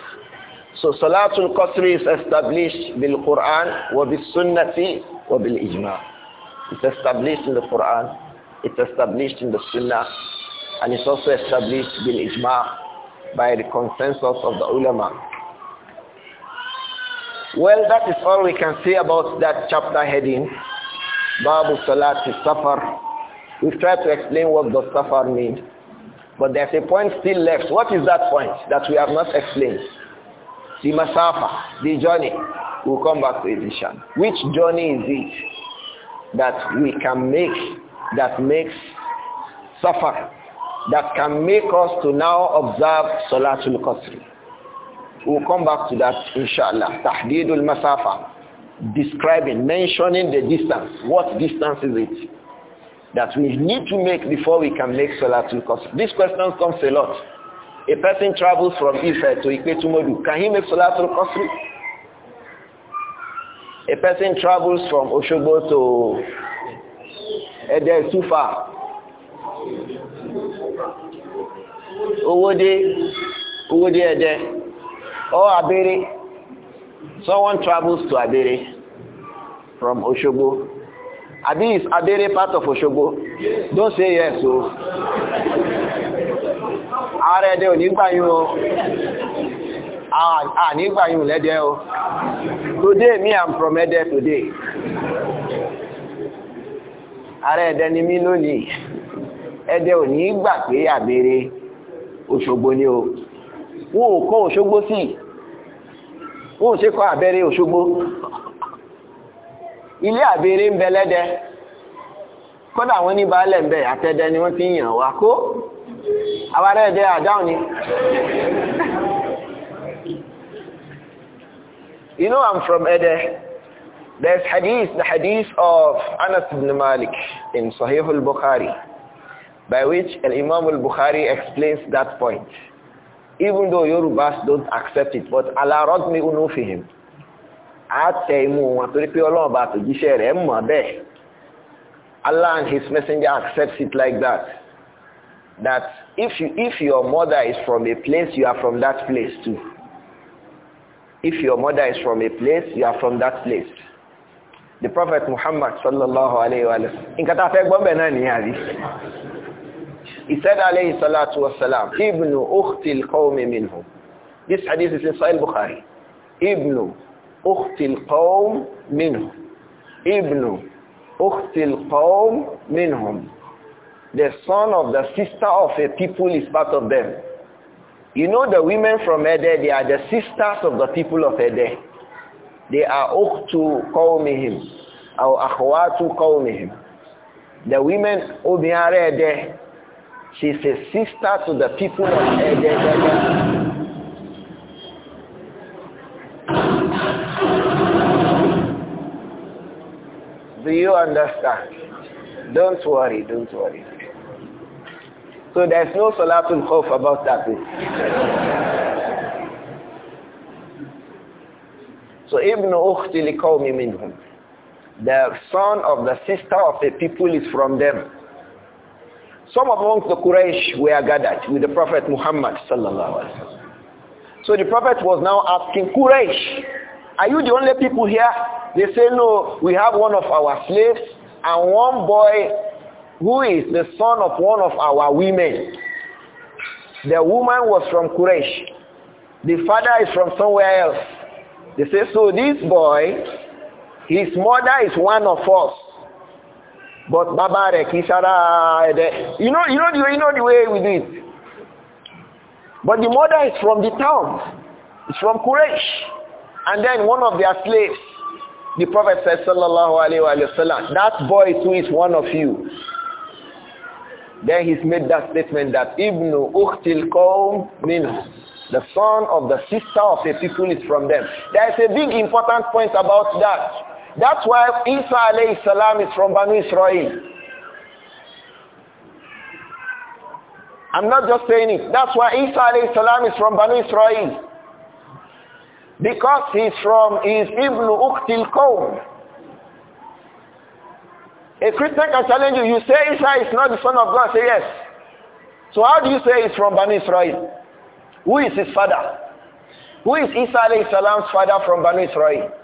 So Salatul Qasr is established bil Quran wa bil Sunnati wa bil Ijma. It's established in the Quran, it's established in the Sunnah, and it's also established bil Ijma by the consensus of the ulama. Well, that is all we can say about that chapter heading, Babu Salat Safar. We've tried to explain what the Safar means, but there's a point still left. What is that point that we have not explained? The Masafa, the journey. We'll come back to it, Ishan. Which journey is it that we can make, that makes Safar, that can make us to now observe Salatul Qasri? We'll come back to that inshallah. Tahdidul masafa. Describing, mentioning the distance. What distance is it that we need to make before we can make Salatul Qasr? This question comes a lot. A person travels from Ife to Ikpetumodu. Can he make Salatul Qasr? A person travels from Oshogbo to Ede Sufa. Owode, Owode Ede. oh, Abere. Someone travels to Abere from Oshogbo. Abi is Abere part of Oshogbo? Yes. Don't say yes, so. are ede ò ní ah o. À ní gbàyún o. Today me am from ede today. Ara ẹ̀dẹ̀ ni mí lónìí. Ẹdẹ ò ní gbà pé Abere Oshogbo ni o. wọn ò kọ́ Òṣogbo sí wọn ṣe kọ́ àbẹ́rẹ́ Òṣogbo ilé àbẹ́rẹ́ ń bẹ lẹ́dẹ kódà ní baálẹ̀ ń bẹ àtẹ́dẹ ni wọ́n ti ń yàn wá kó àwárẹ̀ àdáhùn ni You know I'm from Ede. There's hadith, the hadith of Anas ibn Malik in Sahih al-Bukhari, by which al Imam al-Bukhari explains that point. even though yorùbá don't accept it but Allah inú fi him á tẹ torí pé ọlọ́run bá àtòjíṣẹ́ rẹ̀ mọ̀ bẹ́ẹ̀ allah and his messenger accepts it like that that if you if your mother is from a place you are from that place too if your mother is from a place you are from that place the prophet muhammad sallallahu alayhi wa sallam nǹkan tá a he said alayhi salatu wasalam, Ibn ukhtil qawmi minhum. This hadith is in Sahih Bukhari. Ibn ukhtil qawm minhum. Ibn ukhtil qawm minhum. The son of the sister of a people is part of them. You know the women from Ede, they are the sisters of the people of Ede. They are ukhtu qawmihim. Or akhwatu qawmihim. The women, Obiare Ede, She's a sister to the people of Edegede. Do you understand? Don't worry, don't worry. So there's no Salatul khuf about that. so Ibn Ukhti liqawmi minhum. The son of the sister of the people is from them. Some amongst the Quraysh were gathered with the Prophet Muhammad sallallahu alaihi wasallam. So the Prophet was now asking Quraysh, are you the only people here? They say, no, we have one of our slaves and one boy who is the son of one of our women. The woman was from Quraysh. The father is from somewhere else. They say, so this boy, his mother is one of us but bàbá rẹ̀ kìí you know you know the way you know the way we do it but the mother is from the town it's from Quraysh and then one of their slaves the prophet said sallallahu alayhi wasallam," that boy too is one of you then he's made that statement that ibn Uqtil qawm means the son of the sister of a people is from them there is a big important point about that that's why Isa alayhi salam is from Banu Israel. I'm not just saying it. That's why Isa alayhi salam is from Banu Israel. Because he's from, is Ibn Uqtil Qawm. A Christian can challenge you. You say Isa is not the son of God. Say yes. So how do you say he's from Banu Israel? Who is his father? Who is Isa alayhi salam's father from Banu Israel?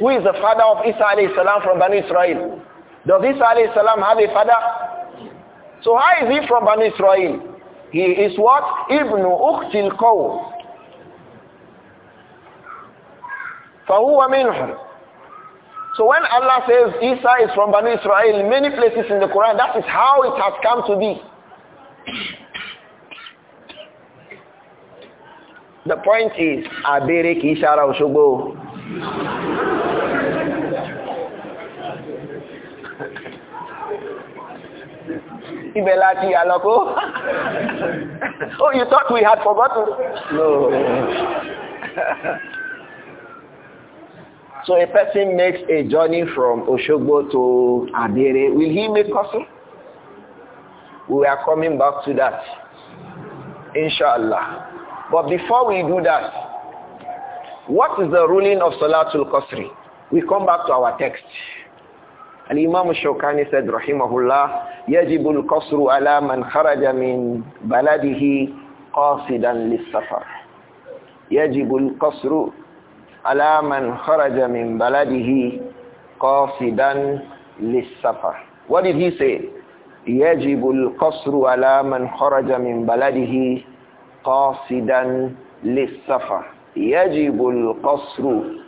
Who is the father of Isa a.s. from Banu Israel? Does Isa a.s. have a father? So how is he from Banu Israel? He is what? Ibn Uqtil Qawm. Fahuwa مِنْهُ So when Allah says Isa is from Banu Israel, many places in the Quran, that is how it has come to be. The point is, Abere Kishara Ibelati Aloko. oh, you thought we had forgotten? No. so a person makes a journey from Oshogbo to Adere. Will he make custom? We are coming back to that. Inshallah. But before we do that, what is the ruling of Salatul Qasri? We come back to our text. And Imam Shawkani said, Rahimahullah, يَجِبُ الْقَصْرُ عَلَى مَنْ خَرَجَ مِنْ بَلَدِهِ قَاصِدًا لِلسَّفَرِ يَجِبُ الْقَصْرُ عَلَى مَنْ خَرَجَ مِنْ بَلَدِهِ قَاصِدًا لِلسَّفَرِ What did he say? يَجِبُ الْقَصْرُ عَلَى مَنْ خَرَجَ مِنْ بَلَدِهِ قَاصِدًا لِلسَّفَرِ يجب القصر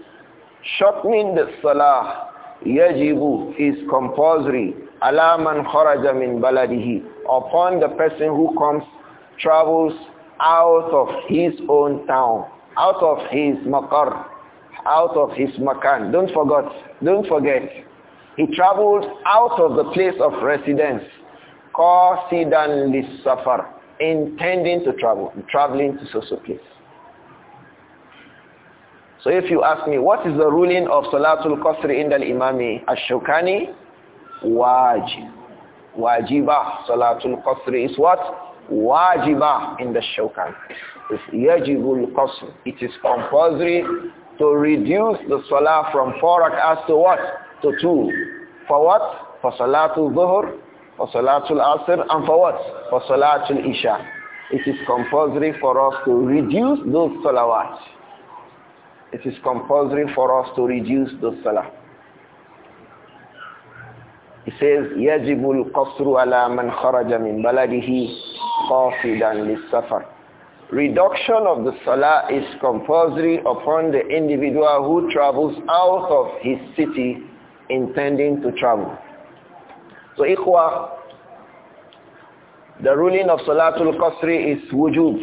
shortening the salah yajibu is compulsory ala من خرج من baladihi upon the person who comes travels out of his own town out of his makar out of his makan don't forget don't forget he travels out of the place of residence qasidan lis-safar intending to travel traveling to so place so if you ask me, what is the ruling of Salatul Qasr Indal Imami Ash-Shukani? Wajib. Wajibah. Salatul Qasr is what? Wajibah in the Shukani. It's Yajibul Qasr. It is compulsory to reduce the Salah from four as to what? To two. For what? For Salatul Zuhur, for Salatul Asr, and for what? For Salatul Isha. It is compulsory for us to reduce those salawats it is compulsory for us to reduce the salah. He says, يَجِبُ الْقَصْرُ عَلَى مَنْ خَرَجَ مِنْ بَلَدِهِ قَاصِدًا لِلسَّفَرِ Reduction of the salah is compulsory upon the individual who travels out of his city intending to travel. So ikhwa, the ruling of Salatul Qasri is wujub,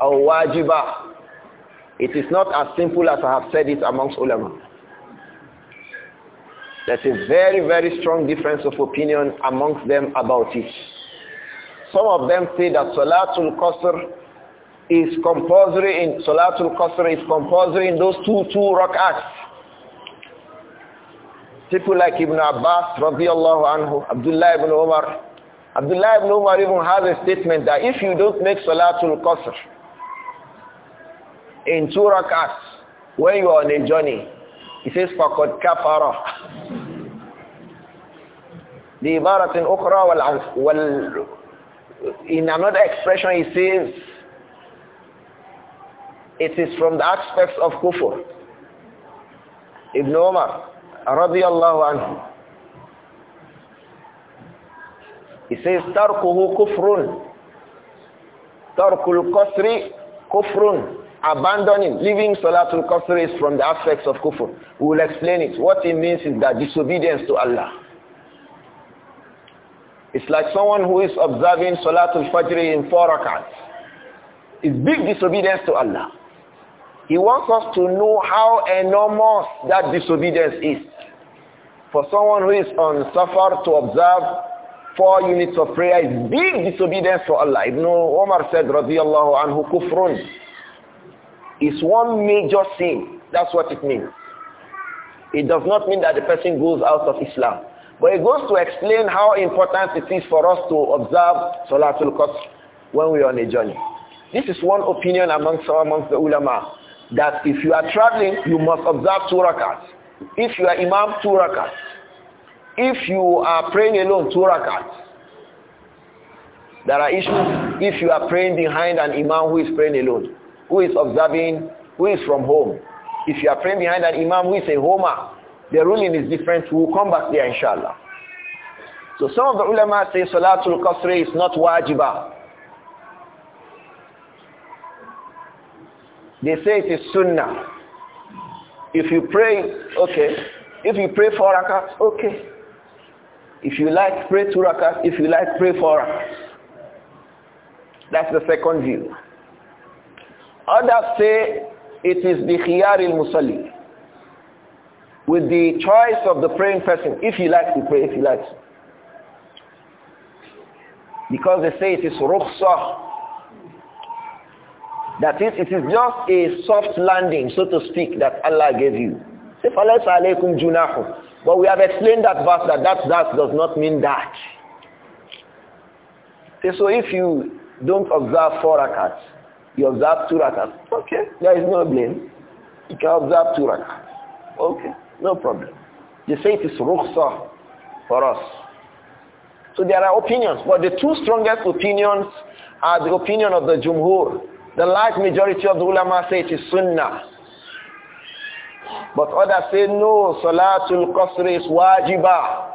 or wajibah, it is not as simple as I have said it amongst ulama. There's a very, very strong difference of opinion amongst them about it. Some of them say that Salatul Qasr is compulsory in Salatul Qasr is compulsory in those two two rak'ats. People like Ibn Abbas, radiallahu anhu, Abdullah ibn Umar. Abdullah ibn Umar even has a statement that if you don't make Salatul Qasr, in two rakats when you are on a journey. He says, فَقَدْ كَفَرَ بِعِبَارَةٍ أُخْرَى وَالْ In another expression he says, it is from the aspects of kufr. Ibn Umar, radiallahu anhu, he says, "Tarkuhu kufrun, tarkul kasri kufrun." abandoning, leaving Salatul Qasr is from the aspects of kufr. We will explain it. What it means is that disobedience to Allah. It's like someone who is observing Salatul Fajr in four rakats. It's big disobedience to Allah. He wants us to know how enormous that disobedience is. For someone who is on safar to observe four units of prayer is big disobedience to Allah. Ibn Umar said, اللَّهُ عَنْهُ كُفْرُونَ is one major sin. That's what it means. It does not mean that the person goes out of Islam. But it goes to explain how important it is for us to observe Salatul Qasr when we are on a journey. This is one opinion amongst, amongst the ulama that if you are traveling, you must observe two rakats. If you are imam, two rakats. If you are praying alone, two rakats. There are issues if you are praying behind an imam who is praying alone who is observing, who is from home. If you are praying behind an imam who is a homer, the ruling is different. We'll come back there inshallah. So some of the ulama say Salatul Qasri is not wajibah. They say it is sunnah. If you pray, okay. If you pray four rakats, okay. If you like, pray two rakats. If you like, pray four rakats. That's the second view. Others say it is the khiyar al-musalli. With the choice of the praying person, if he likes to pray, if he likes. Because they say it is rukhsah. That is, it is just a soft landing, so to speak, that Allah gave you. But we have explained that verse that that, that does not mean that. so if you don't observe four rakats, you observe two rakats, Okay, there is no blame. You can observe two rakats, Okay, no problem. They say it is rukhsah for us. So there are opinions, but the two strongest opinions are the opinion of the Jumhur. The large majority of the ulama say it is sunnah. But others say no, Salatul Qasr is wajibah.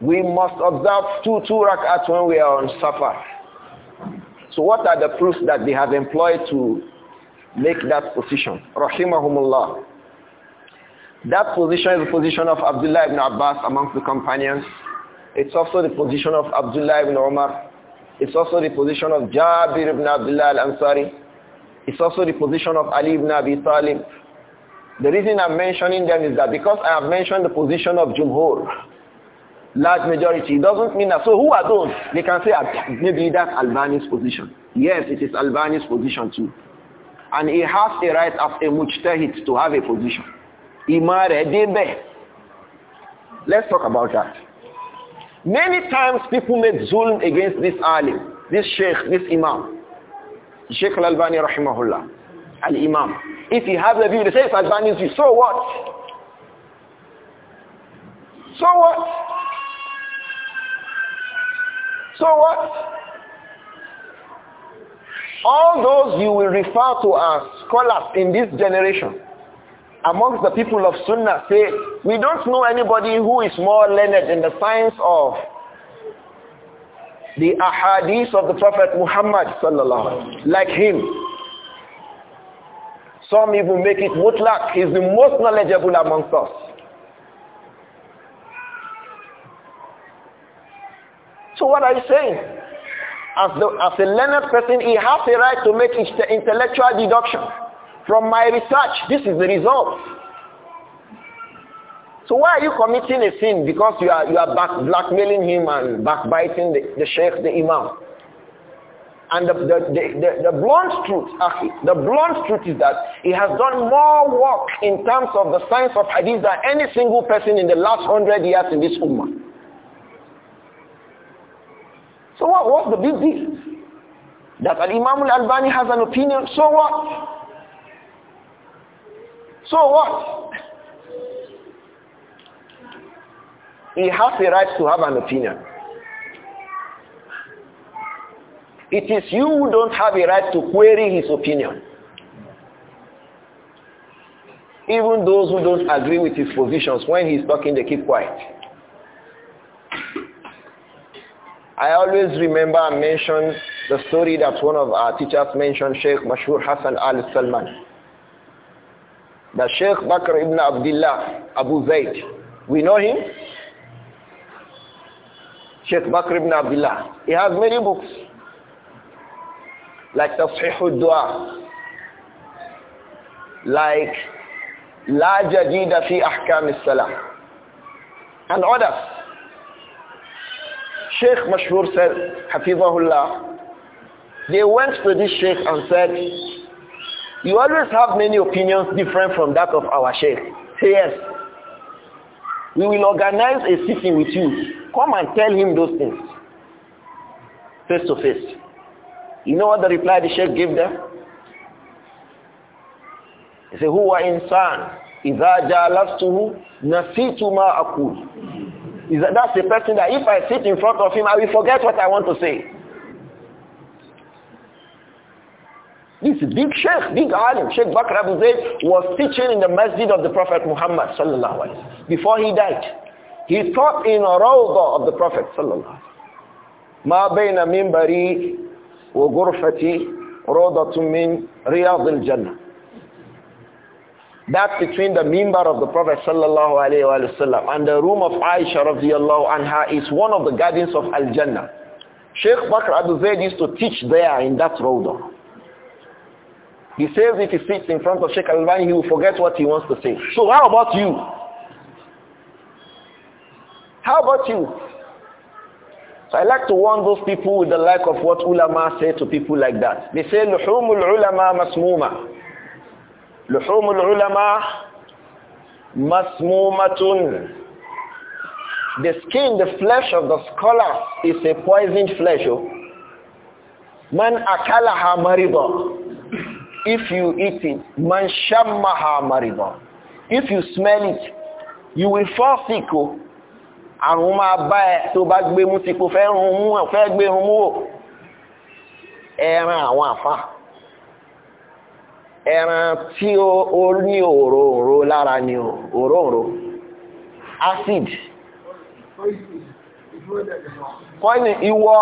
We must observe two, two rak'at when we are on safar. So what are the proofs that they have employed to make that position? Rahimahumullah. That position is the position of Abdullah ibn Abbas amongst the companions. It's also the position of Abdullah ibn Umar. It's also the position of Jabir ibn Abdullah al-Ansari. It's also the position of Ali ibn Abi Talib. The reason I'm mentioning them is that because I have mentioned the position of Jumhur, large majority. It doesn't mean that. So who are those? They can say maybe that's Albani's position. Yes, it is Albani's position too. And he has a right as a mujtahid to have a position. debe. Let's talk about that. Many times people make zulm against this alim, this sheikh, this imam. Sheikh al-Albani rahimahullah. Al-imam. If he has a view, they say it's Albani's view. So what? So what? So what? All those you will refer to as scholars in this generation, amongst the people of Sunnah, say, we don't know anybody who is more learned in the science of the ahadith of the Prophet Muhammad sallallahu like him. Some even make it mutlak. He's the most knowledgeable amongst us. So what are you saying? As, the, as a learned person, he has a right to make intellectual deduction. From my research, this is the result. So why are you committing a sin? Because you are, you are back blackmailing him and backbiting the, the sheikh, the imam. And the, the, the, the, blunt truth, the blunt truth is that he has done more work in terms of the science of hadith than any single person in the last hundred years in this ummah. So what was the big deal? That Al Imam Al Albani has an opinion, so what? So what? He has a right to have an opinion. It is you who don't have a right to query his opinion. Even those who don't agree with his positions, when he's talking, they keep quiet. I always remember I mention the story that one of our teachers mentioned, Sheikh Mashur Hassan al-Salman. The Sheikh Bakr ibn Abdullah Abu Zaid. We know him? Sheikh Bakr ibn Abdullah. He has many books. Like the al-Dua. Like La Jadida fi Ahkam al-Salah. And others. Sheikh Mashhur said, Hafizahullah, they went to this Sheikh and said, you always have many opinions different from that of our Sheikh. Say yes. We will organize a sitting with you. Come and tell him those things. Face to face. You know what the reply the Sheikh gave them? He said, "Who Huwa insan. إذا جالستُه نسيت ما أقول is that, that's the person that if I sit in front of him, I will forget what I want to say. This big sheikh, big alim, Sheikh Bakr Abu Zayd was teaching in the masjid of the Prophet Muhammad sallallahu alaihi wasallam before he died. He taught in a rawdah of the Prophet sallallahu alaihi wasallam. Ma bayna minbari wa ghurfati rawdatun min riyad al-jannah. That between the member of the Prophet sallallahu and the room of Aisha radiallahu anha is one of the gardens of Al-Jannah. Sheikh Bakr Abu Zayd used to teach there in that road. He says if he sits in front of Sheikh Al-Bani, he will forget what he wants to say. So how about you? How about you? So I like to warn those people with the like of what ulama say to people like that. They say, لُحُومُ الْعُلَمَا مَسْمُومَ لحوم العلماء مسمومة The skin, the flesh of the scholars is a poisoned flesh. Oh. Man akalaha maridah. If you eat it, man shammaha maridah. If you smell it, you will fall sick. Oh. Àrùn máa bá ẹ tó bá gbé mú ti kò fẹ́ rún mú fẹ́ gbé rún mú ò. Oh. Ẹran àwọn àfáà. ẹran tí ó ní òróǹro lára ni òróǹro acid kọ́ni ìwọ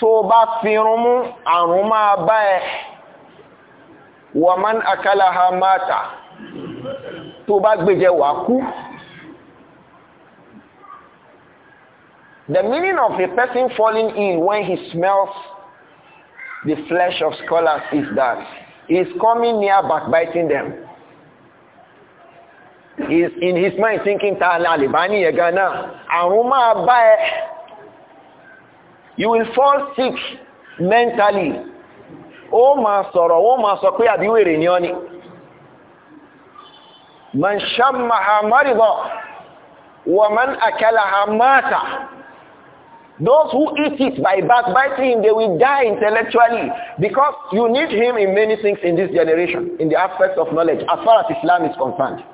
tó bá fírún mú àrùn máa bá ẹ wọ̀mán akálàha máta tó bá gbèjẹ wà kú The meaning of a person falling ill when he smells the flesh of scholars is that he is coming near backbiting them. He is in his mind thinking, "Talalibani Alibani Yagana, Aruma Abae. You will fall sick mentally. Ó máa sọ̀rọ̀, ó máa sọ pé àbíwèrè ni ọ́ ni. Man shammaha marida wa man akalaha mata. Those who eat it by backbiting, they will die intellectually because you need him in many things in this generation, in the aspects of knowledge, as far as Islam is concerned.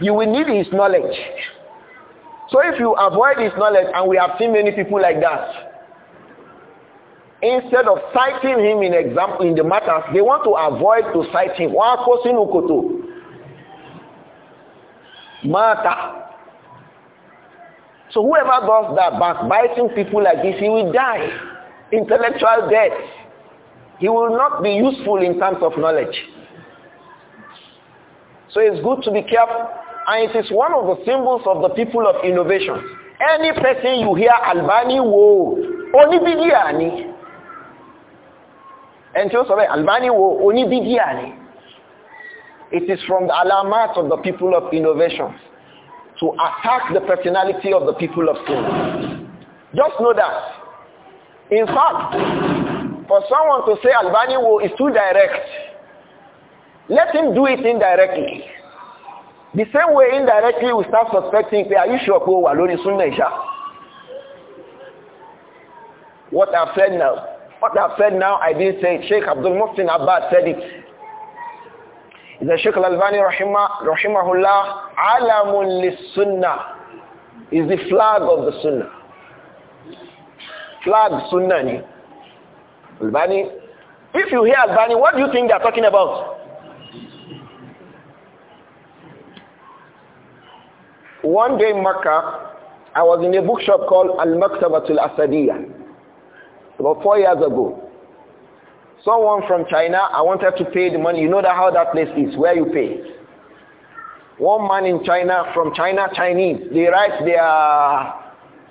You will need his knowledge. So if you avoid his knowledge, and we have seen many people like that, instead of citing him in example in the matters they want to avoid to cite him wa kosinu mata so whoever does that, backbiting people like this, he will die. Intellectual death. He will not be useful in terms of knowledge. So it's good to be careful. And it is one of the symbols of the people of innovation. Any person you hear Albani, wo, onibidiani. And so sorry, Albani, wo, bidiani. It is from the alamat of the people of innovation to attack the personality of the people of sin. Just know that. In fact, for someone to say Albani will is too direct, let him do it indirectly. The same way indirectly we start suspecting, are you sure Ko Walori Sunnaisha? What I've said now, what I've said now, I didn't say it. Sheikh Abdul Muhsin Abbas said it. Is that Sheikh رحمه rahimah, rahimahullah, alamun lis-sunnah is the flag of the sunnah. Flag Sunnani. ni. Albani, if you hear Albani, what do you think they're talking about? One day in Makkah, I was in a bookshop called Al-Maktabatul Asadiyah about four years ago. Someone from China, I wanted to pay the money. You know that how that place is, where you pay. One man in China, from China, Chinese, they write their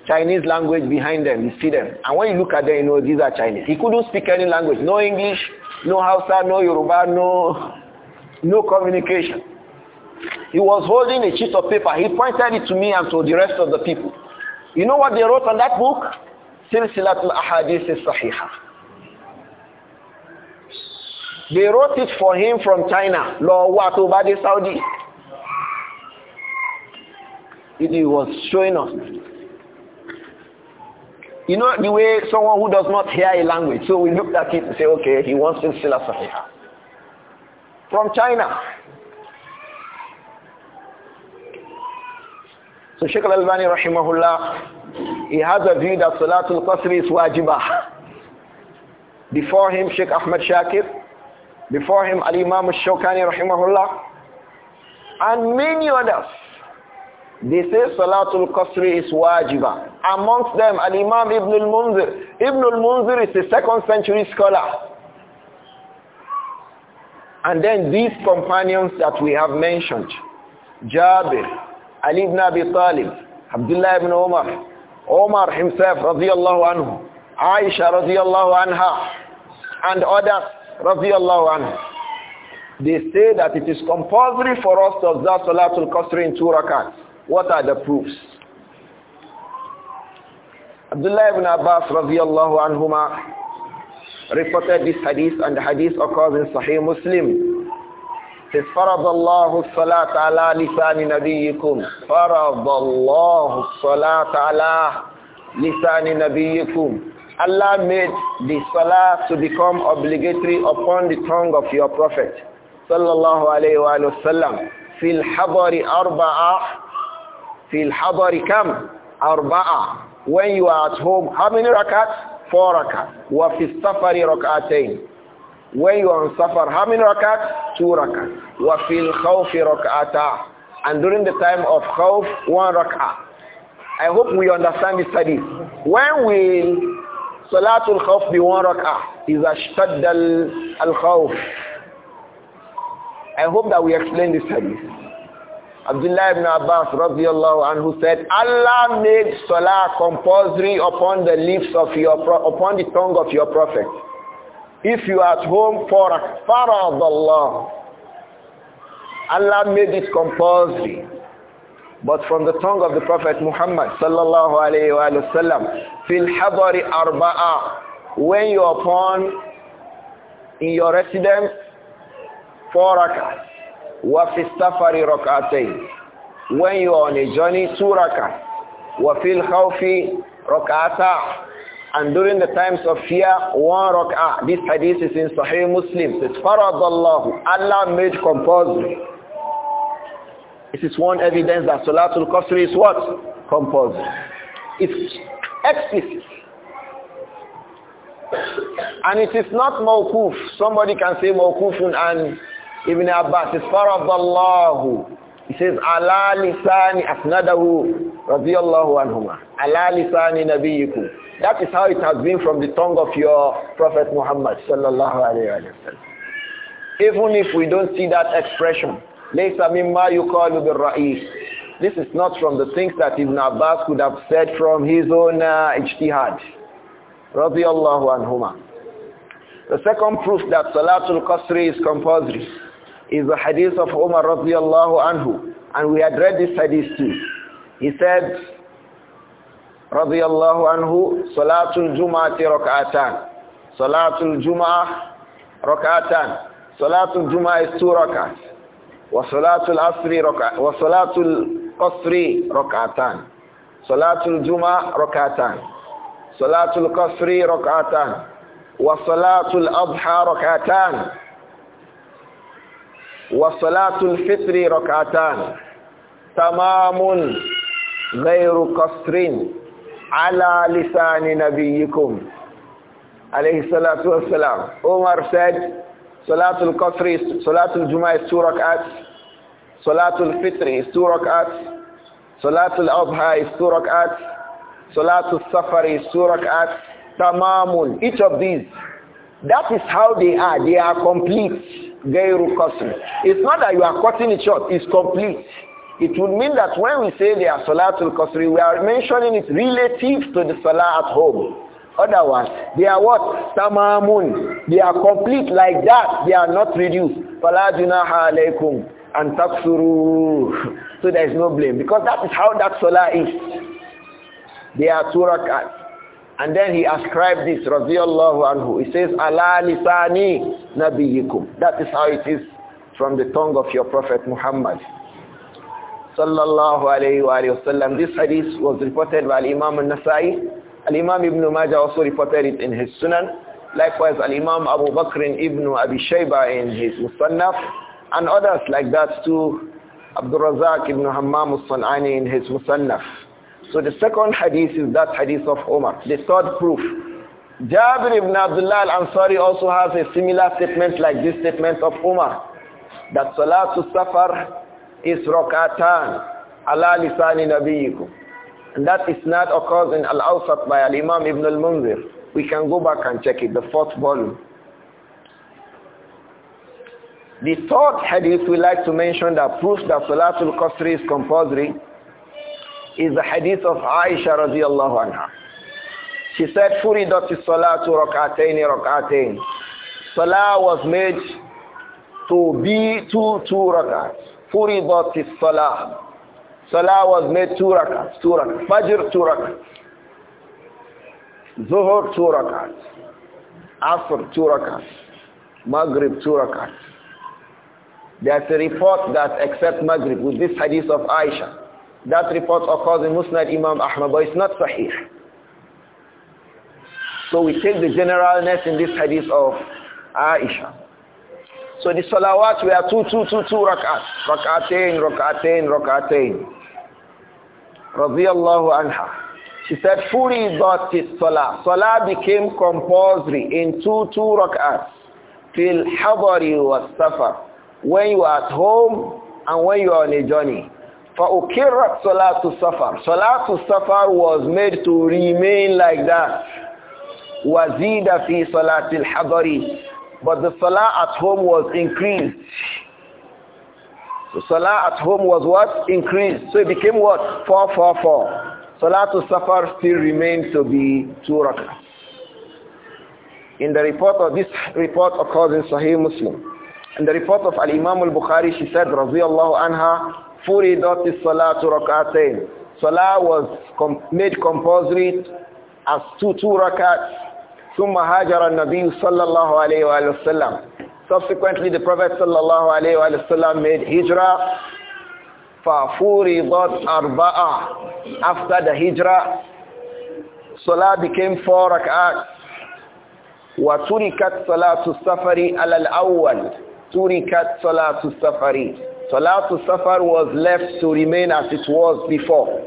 Chinese language behind them. You see them. And when you look at them, you know these are Chinese. He couldn't speak any language. No English, no Hausa, no Yoruba, no, no communication. He was holding a sheet of paper. He pointed it to me and to the rest of the people. You know what they wrote on that book? Silsilatul Ahadith Sahihah. They wrote it for him from China. Lord, what over the Saudi? It was showing us. You know the way someone who does not hear a language, so we looked at it and say, okay, he wants to sell us Sahiha. From China. So Sheikh Al-Albani rahimahullah, he has a view that Salatul Qasr is wajibah. Before him, Sheikh Ahmad Shakir, before him, Al-Imam al-Shawkani rahimahullah. And many others. They say Salatul Qasri is wajiba. Amongst them, Al-Imam Ibn al-Munzir. Ibn al-Munzir is a second century scholar. And then these companions that we have mentioned, Jabir, Ali ibn Abi Talib, Abdullah ibn Umar, Omar himself, radiallahu anhu, Aisha, radiallahu anha, and others, radiallahu anhu, they say that it is compulsory for us to observe Salatul Qasr in two rakats. What are the proofs? Abdullah ibn Abbas radiallahu anhuma reported this hadith and the hadith occurs in Sahih Muslim. It says, فرض الله الصلاة على لسان نبيكم فرض الله الصلاة على لسان نبيكم Allah made the salah to become obligatory upon the tongue of your prophet sallallahu alayhi wa sallam fil habari arba'a fil habari kam arba'a when you are at home how many rakats four rakat. wa fi safari rak'atayn when you are on safar how many rakats two rakat. wa fil khawfi rak'ata and during the time of khawf one rakat. I hope we understand this study. When we Salatul Khawf bi one rak'ah. Is ashtad al khawf. I hope that we explain this hadith. Abdullah ibn Abbas radiallahu anhu said, Allah made salah compulsory upon the lips of your, upon the tongue of your prophet. If you are at home, for farad Allah. Allah made it compulsory but from the tongue of the Prophet Muhammad sallallahu alayhi wa sallam, fil habari arba'a, when you are upon in your residence, four rakah, wa fi safari rak'atayn, when you are on a journey, two rakah, wa fil khawfi rak'ata, and during the times of fear, one rak'ah. This hadith is in Sahih Muslim. It's faradallahu, Allah made compulsory. It is one evidence that Salatul Qasr is what? Compulsory. It's explicit. And it is not mawquf Somebody can say mawkufun and Ibn Abbas is Law. He says ala lisani asnadahu radiyallahu anhuma. Ala lisani nabiyikum. That is how it has been from the tongue of your Prophet Muhammad sallallahu Alaihi Wasallam. Even if we don't see that expression, this is not from the things that Ibn Abbas could have said from his own uh, ijtihad. رضي الله عنهما. The second proof that Salatul Qasri is compulsory is the hadith of Umar رضي الله عنه. And we had read this hadith too. He said, رضي الله عنه, Juma' الجمعة ركعتان. Salatul Jum'ah rak'atan. Salatul Jum'ah is two rak'ats. وصلاة العصر ركعة وصلاة القصر ركعتان صلاة الجمعة ركعتان صلاة القصر ركعتان وصلاة الأضحى ركعتان وصلاة الفطر ركعتان تمام غير قصر على لسان نبيكم عليه الصلاة والسلام Umar said Salatul Qasri, Salatul Jummah is two rak'ats. Salatul Fitri, is two rak'ats. Salatul Abha is two rak'ats. Salatul Safar is two rak'ats. Tamamul. Each of these. That is how they are. They are complete. Gairu Qasr. It's not that you are cutting it short. It's complete. It would mean that when we say they are Salatul Qasri, we are mentioning it relative to the Salah at home. Otherwise, they are what? Tamamun. They are complete like that. They are not reduced. فَلَا جُنَاحَ عَلَيْكُمْ So there is no blame. Because that is how that salah is. They are two rak'at. And then he ascribed this, radiyallahu anhu. He says, Allah lisani nabiyikum. That is how it is from the tongue of your Prophet Muhammad. Sallallahu alayhi wa sallam. This hadith was reported by Imam al-Nasai Al-Imam Ibn Majah also reported it in his Sunan. Likewise, Al-Imam Abu Bakr Ibn Abi Shayba in his Musannaf. And others like that too. Abdul Razak Ibn Hammam al-San'ani in his Musannaf. So the second hadith is that hadith of Omar. The third proof. Jabir ibn Abdullah al-Ansari also has a similar statement like this statement of Omar. That Salatul Safar is Rokatan ala lisani nabiyikum. And that is not occurs in Al-Awsat by Al-Imam Ibn al-Munzir. We can go back and check it, the fourth volume. The third hadith we like to mention that proves that Salatul Qasr is compulsory is the hadith of Aisha radiallahu anha. She said, Furidat salatu rak'atayn rak'atayn. Salah was made to be two two rak'ats. Furidat salah. Salah was made two rakats, two rakats. Fajr, two rakats. Zuhur, two rakats. Asr, two rakats. Maghrib, two rakats. There's a report that except Maghrib with this hadith of Aisha. That report occurs in Musnad Imam Ahmad, but it's not sahih. So we take the generalness in this hadith of Aisha. So the salawat have two, two, two, two rak'at. Rak'atain, rak'atain, rak'atain. Radiallahu anha. She said, Furidat salah. Salah became compulsory in two, two rak'ats. Fil habari was suffer. When you are at home and when you are on a journey. For to suffer. السَّفَرِ to suffer was made to remain like that. Wazida fi salatil الْحَضَرِ but the salah at home was increased. The salah at home was what? Increased. So it became what? 444. Salah to Salatul Safar still remained to be two rak'ah. In the report of this report occurs in Sahih Muslim. In the report of Al Imam Al Bukhari, she said, "Raziallahu anha, furidat salatu rak'atain." Salah was com made compulsory as two two rakats ثم هاجر النبي صلى الله عليه Subsequently, the Prophet sallallahu alayhi wa sallam made hijrah فَفُورِضَتْ Arba'a. After the hijrah, Salah became four rak'at. Turikat صَلَاةُ Safari عَلَى الْأَوَّلِ تُرِكَتْ صَلَاةُ Safari. Salat al-Safar was left to remain as it was before.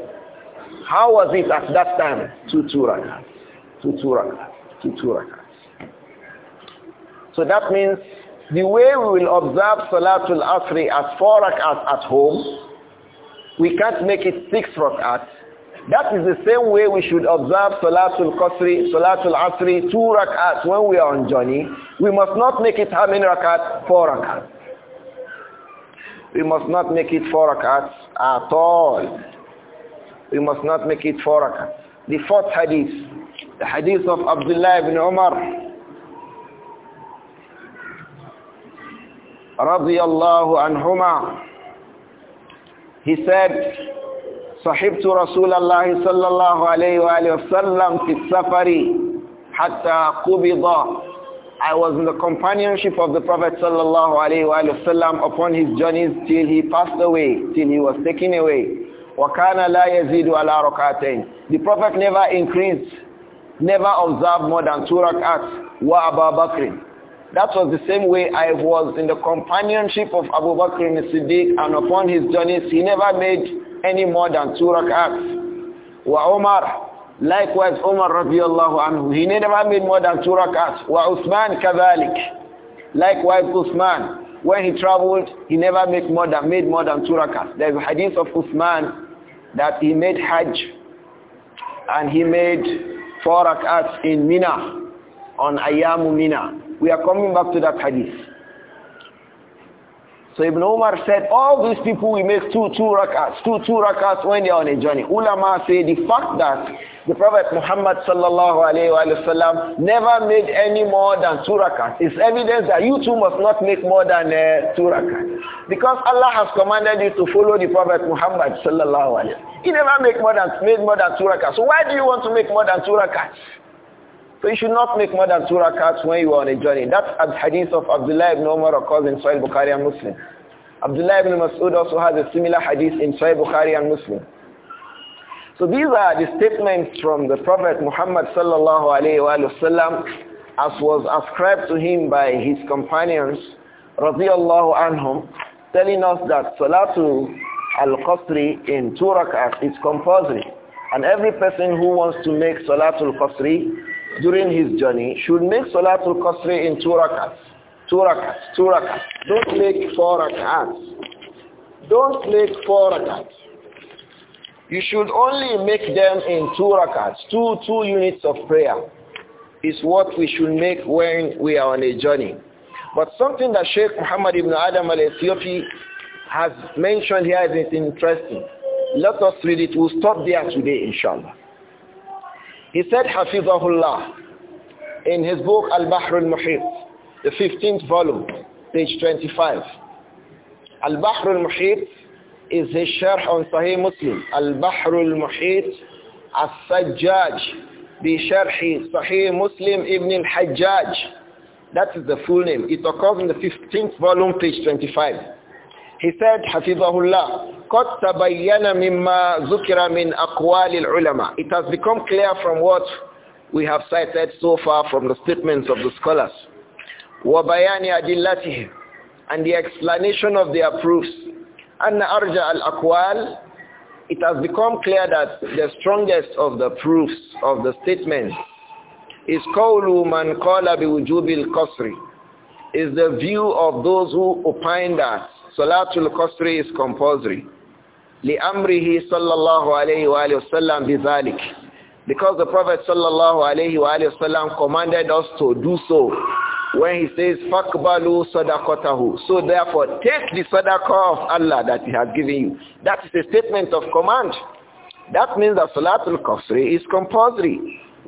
How was it at that time? Two, two rak'at. Two, two rak'at to two rakats. So that means the way we will observe Salatul Asri as four rakats at home, we can't make it six rakats. That is the same way we should observe Salatul Qasri, Salatul Asri, two rakats when we are on journey. We must not make it how many rakats? Four rakats. We must not make it four rakats at all. We must not make it four rakats. The fourth hadith the hadith of Abdullah ibn Umar رضي الله عنهما he said صحبت رسول الله صلى الله عليه وآله وسلم في السفر حتى قبض I was in the companionship of the Prophet sallallahu alaihi wasallam upon his journeys till he passed away, till he was taken away. وَكَانَ لَا يَزِيدُ عَلَىٰ رَكَعَتَيْنِ The Prophet never increased never observed more than two rak'ats wa Abu Bakr. That was the same way I was in the companionship of Abu Bakr and Siddiq and upon his journeys he never made any more than two rak'ats. Wa Umar, likewise Umar radiallahu anhu, he never made more than two rak'ats. Wa Uthman kadhalik, likewise Uthman, when he traveled he never made more than, made more than two rak'ats. There is a hadith of Uthman that he made Hajj and he made four rak'ats in Mina on Ayamu Mina. We are coming back to that hadith. So Ibn Omar said, all these people we make two, two rakats, two, two rakats when they are on a journey. Ulama say the fact that the Prophet Muhammad sallallahu alayhi wa never made any more than two rakats is evidence that you too must not make more than uh, two rakats. Because Allah has commanded you to follow the Prophet Muhammad sallallahu alayhi wa sallam. He never make more than, made more than two rakats. So why do you want to make more than two rakats? So you should not make more than two rakats when you are on a journey. That's a hadith of Abdullah ibn Umar occurs in Sahih Bukhari and Muslim. Abdullah ibn Mas'ud also has a similar hadith in Sahih Bukhari and Muslim. So these are the statements from the Prophet Muhammad sallallahu alayhi wa sallam as was ascribed to him by his companions radiyallahu anhum telling us that Salatul al-Qasri in two rakats is compulsory. And every person who wants to make Salatul Qasri during his journey should make Salatul Qasri in two rakats. Two rakats, two rakats. Don't make four rakats. Don't make four rakats. You should only make them in two rakats, two, two units of prayer is what we should make when we are on a journey. But something that Sheikh Muhammad ibn Adam al-Ethiopi has mentioned here is interesting. Let us read it. We'll stop there today, inshallah. He said, Hafizahullah, in his book Al-Bahr al-Muhit, the 15th volume, page 25. Al-Bahr al-Muhit is his sharh on Sahih Muslim. Al-Bahr al-Muhit As-Sajjaj bi Sharhi Sahih Muslim Ibn al-Hajjaj. That is the full name. It occurs in the 15th volume, page 25. He said, Hafizahullah, قَدْ tabayyana مِمَّا ذُكِرَ مِنْ أَقْوَالِ ulama. It has become clear from what we have cited so far from the statements of the scholars. bayani adillatihi, And the explanation of their proofs. arja al akwal. It has become clear that the strongest of the proofs of the statements is قَوْلُ مَنْ bi بِوُجُوبِ الْقَصْرِ Is the view of those who opine that Salatul Qasri is compulsory. لِأَمْرِهِ صَلَّى اللَّهُ عَلَيْهِ وَآلِهِ بِذَلِكِ Because the Prophet sallallahu alaihi wasallam commanded us to do so when he says, فَقْبَلُوا صَدَقَتَهُ So therefore, take the sadaqah of Allah that he has given you. That is a statement of command. That means that Salatul Qasri is compulsory.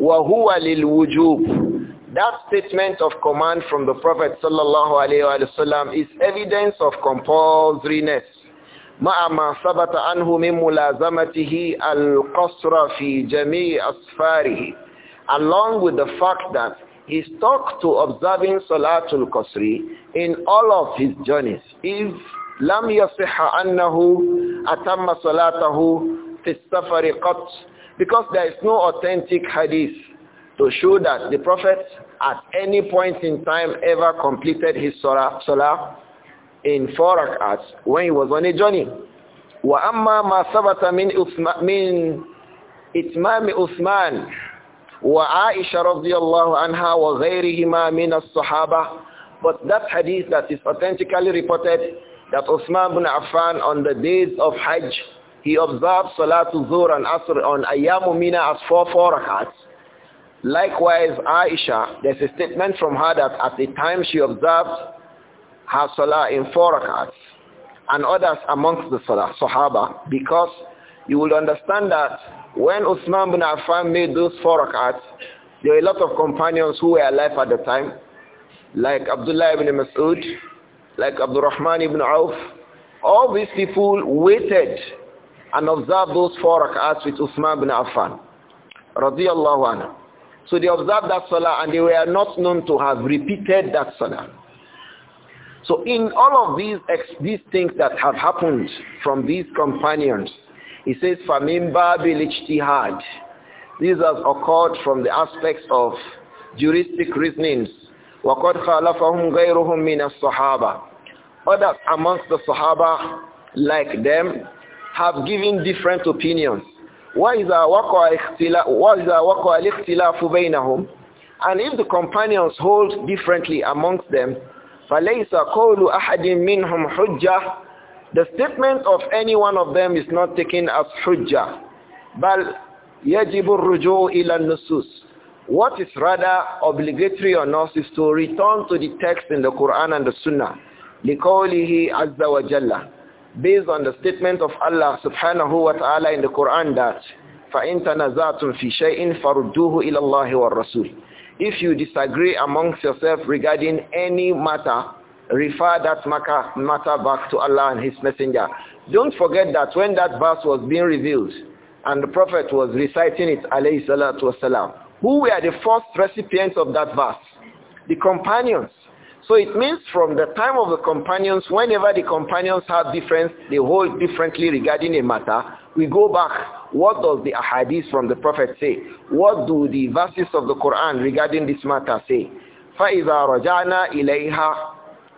وَهُوَ لِلْوُجُوبِ That statement of command from the Prophet sallallahu alayhi wa is evidence of compulsoriness. مع ما ثبت عنه من ملازمته القصر في جميع أسفاره along with the fact that he stuck to observing Salatul Qasri in all of his journeys. If لم يصح أنه أتم صلاته في السفر قط because there is no authentic hadith to show that the Prophet at any point in time ever completed his salah, salah in four rak'ats when he was on a journey. وأما ما ثبت من من إتمام عثمان وعائشة رضي الله عنها وغيرهما من الصحابة but that hadith that is authentically reported that Uthman bin Affan on the days of Hajj he observed Salatul Zuhr and Asr on Ayyamu Mina as four four rakats. Likewise, Aisha, there's a statement from her that at the time she observed her Salah in four rakats and others amongst the Salah, Sahaba, because you will understand that when Uthman bin Affan made those four rakats, there were a lot of companions who were alive at the time, like Abdullah ibn Mas'ud, like Abdurrahman ibn Auf. All these people waited and observed those four rak'ahs with Uthman bin Affan. Radiallahu anhu. So they observed that salah and they were not known to have repeated that salah. So in all of these, these things that have happened from these companions, he says, فَمِنْ بَابِ الْاجْتِهَادِ This has occurred from the aspects of juristic reasonings. وَقَدْ خَالَفَهُمْ غَيْرُهُمْ مِنَ الصَّحَابَةِ Others amongst the Sahaba, like them, have given different opinions. And if the companions hold differently amongst them, فَلَيْسَ قَوْلُ أَحَدٍ مِّنْهُمْ حُجَّةٌ The statement of any one of them is not taken as hujjah. بَلْ يَجِبُ الرُّجُوءُ إِلَى النُّسُوسِ What is rather obligatory on us is to return to the text in the Quran and the Sunnah. لِقَوْلِهِ عَزَّ وَجَلَّ based on the statement of Allah subhanahu wa ta'ala in the Quran that فَإِن تَنَزَعْتُمْ فِي شَيْءٍ فَرُدُّوهُ إِلَى اللَّهِ وَالرَّسُولِ If you disagree amongst yourself regarding any matter, refer that matter back to Allah and His Messenger. Don't forget that when that verse was being revealed and the Prophet was reciting it, alayhi salatu wasalam, who were the first recipients of that verse? The companions. So it means from the time of the companions, whenever the companions have difference, they hold differently regarding a matter, we go back. What does the ahadith from the Prophet say? What do the verses of the Quran regarding this matter say? فَإِذَا رَجَعْنَا إِلَيْهَا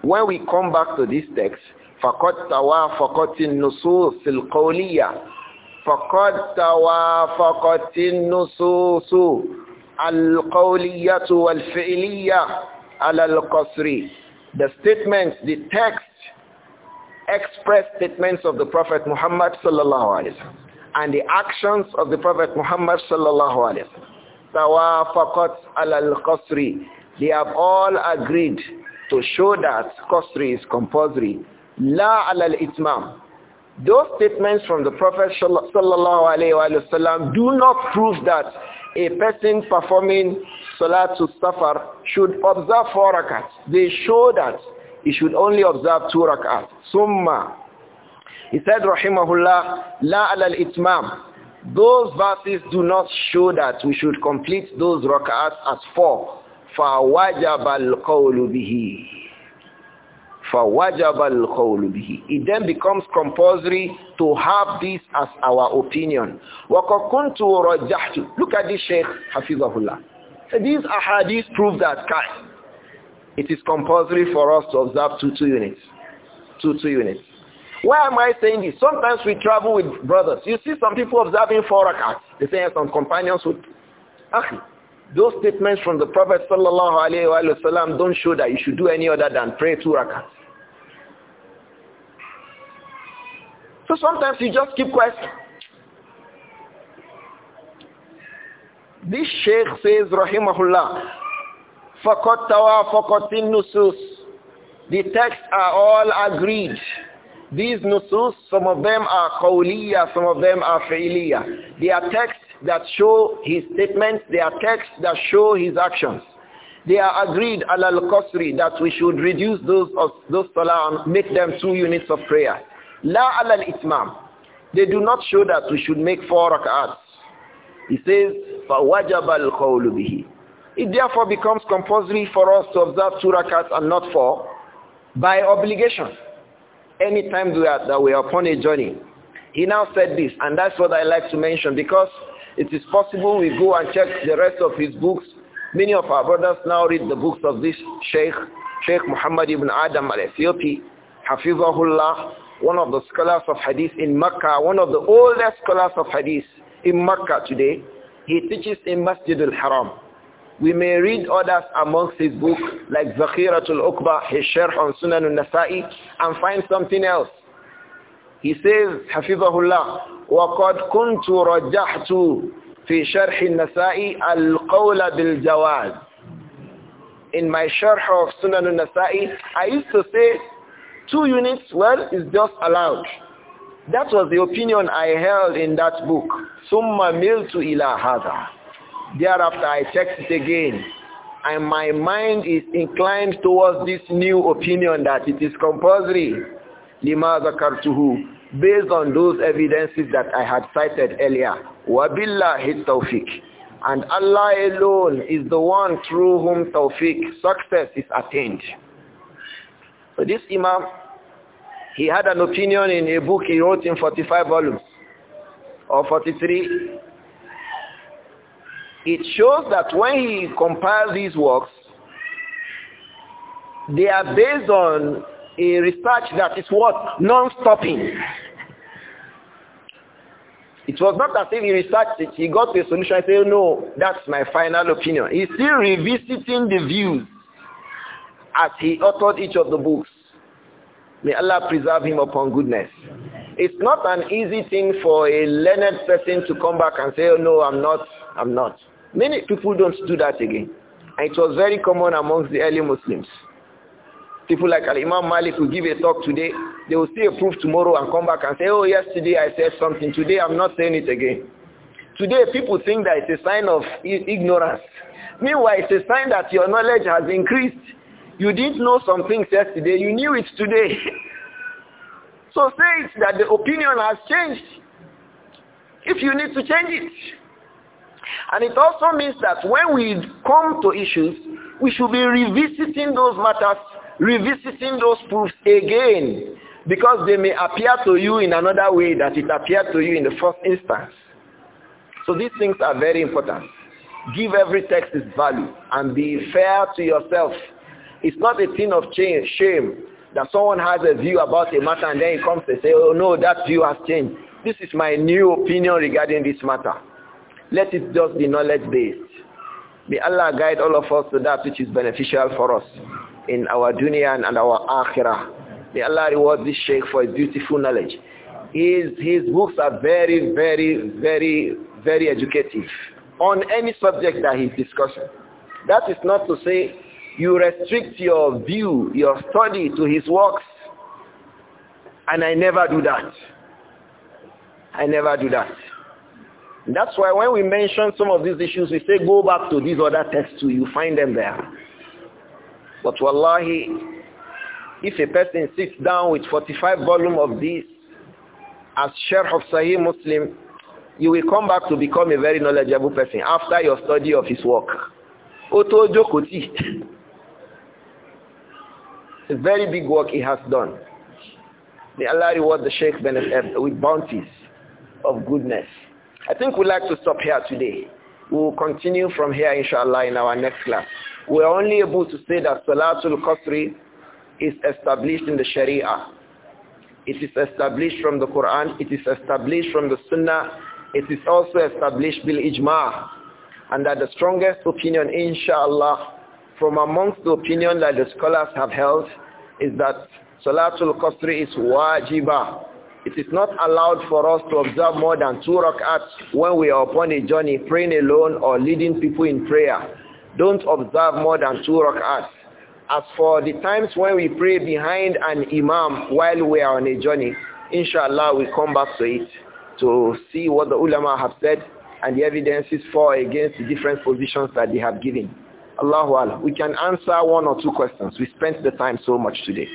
When we come back to this text, فَقَدْ تَوَافَقَتِ النُّصُوصِ الْقَوْلِيَّةِ فَقَدْ تَوَافَقَتِ النُّصُوصُ الْقَوْلِيَّةُ وَالْفِعْلِيَّةُ al-Qasri. The statements, the text, express statements of the Prophet Muhammad sallallahu alaihi wasallam and the actions of the Prophet Muhammad sallallahu alaihi wasallam. Tawafaqat al-Qasri. They have all agreed to show that Qasri is compulsory. La al-Itmam. Those statements from the Prophet sallallahu alaihi wasallam do not prove that a person performing salat to Safar should observe four rakats. They show that he should only observe two rakats. Summa. He said, Rahimahullah, La ala al-itmam. Those verses do not show that we should complete those rakats as four. فَوَجَبَ الْقَوْلُ بِهِ it then becomes compulsory to have this as our opinion. وَقَدْ كُنْتُ Look at this Sheikh Hafizahullah. So these ahadith prove that kind. It is compulsory for us to observe two two units. Two two units. Why am I saying this? Sometimes we travel with brothers. You see some people observing four rakats. They say some companions would. Akhi, those statements from the Prophet sallallahu alaihi wasallam don't show that you should do any other than pray two rakats. So sometimes you just keep quiet. This sheikh says, Rahimahullah, Tawa, تَوَافَقَتِ Nusus." The texts are all agreed. These nusus, some of them are kauliya, some of them are failiya. They are texts that show his statements, they are texts that show his actions. They are agreed al qasri that we should reduce those of those salah and make them two units of prayer. La ala al-itmam. They do not show that we should make four rak'ats. He says, فَوَجَبَ الْقَوْلُ بِهِ It therefore becomes compulsory for us to observe two rak'ats and not four by obligation. Anytime we are, that we are upon a journey. He now said this, and that's what I like to mention because it is possible we go and check the rest of his books. Many of our brothers now read the books of this Sheikh, Sheikh Muhammad ibn Adam al-Ethiopi, Hafizahullah, one of the scholars of hadith in Makkah, one of the oldest scholars of hadith in Makkah today. He teaches in Masjid al-Haram. We may read others amongst his book like Zakhiratul Uqba, his Sharh on Sunan al-Nasa'i and find something else. He says, Hafizahullah, وَقَدْ كُنْتُ رَجَّحْتُ فِي شَرْحِ النَّسَاءِ الْقَوْلَ بِالْجَوَازِ In my Sharh of Sunan al-Nasa'i, I used to say Two units, well, is just allowed. That was the opinion I held in that book. Summa miltu ila hada. Thereafter I checked it again. And my mind is inclined towards this new opinion that it is compulsory. Lima zakartuhu. Based on those evidences that I had cited earlier. Wabillahi tawfiq. And Allah alone is the one through whom tawfiq, success is attained. So this Imam, he had an opinion in a book he wrote in 45 volumes or 43. It shows that when he compiled these works, they are based on a research that is what? Non-stopping. It was not as if he researched it, he got a solution and said, no, that's my final opinion. He's still revisiting the views as he authored each of the books. May Allah preserve him upon goodness. It's not an easy thing for a learned person to come back and say, oh, no, I'm not, I'm not. Many people don't do that again. And it was very common amongst the early Muslims. People like imam Malik will give a talk today, they will say, approve tomorrow and come back and say, oh, yesterday I said something, today I'm not saying it again. Today people think that it's a sign of ignorance. Meanwhile, it's a sign that your knowledge has increased. You didn't know some things yesterday, you knew it today. so say it that the opinion has changed. If you need to change it. And it also means that when we come to issues, we should be revisiting those matters, revisiting those proofs again, because they may appear to you in another way that it appeared to you in the first instance. So these things are very important. Give every text its value and be fair to yourself it's not a thing of shame that someone has a view about a matter and then he comes and says, oh no, that view has changed. This is my new opinion regarding this matter. Let it just be knowledge-based. May Allah guide all of us to that which is beneficial for us in our dunya and our akhirah. May Allah reward this sheikh for his beautiful knowledge. His, his books are very, very, very, very educative on any subject that he's discussing. That is not to say you restrict your view, your study to his works. And I never do that. I never do that. That's why when we mention some of these issues, we say go back to these other texts too. You find them there. But wallahi, if a person sits down with 45 volume of this as Sheikh of Sahih Muslim, you will come back to become a very knowledgeable person after your study of his work. A very big work he has done. May Allah reward the Sheikh with bounties of goodness. I think we'd like to stop here today. We will continue from here, inshallah, in our next class. We are only able to say that Salatul Qasri is established in the Sharia. It is established from the Quran. It is established from the Sunnah. It is also established bil Ijma. And that the strongest opinion, inshallah, from amongst the opinion that the scholars have held is that Salatul Qasri is waajiba. It is not allowed for us to observe more than two rak'ats when we are upon a journey praying alone or leading people in prayer. Don't observe more than two rak'ats. As for the times when we pray behind an imam while we are on a journey, inshallah we come back to it to see what the ulama have said and the evidences for against the different positions that they have given. Allahu Allah. We can answer one or two questions. We spent the time so much today.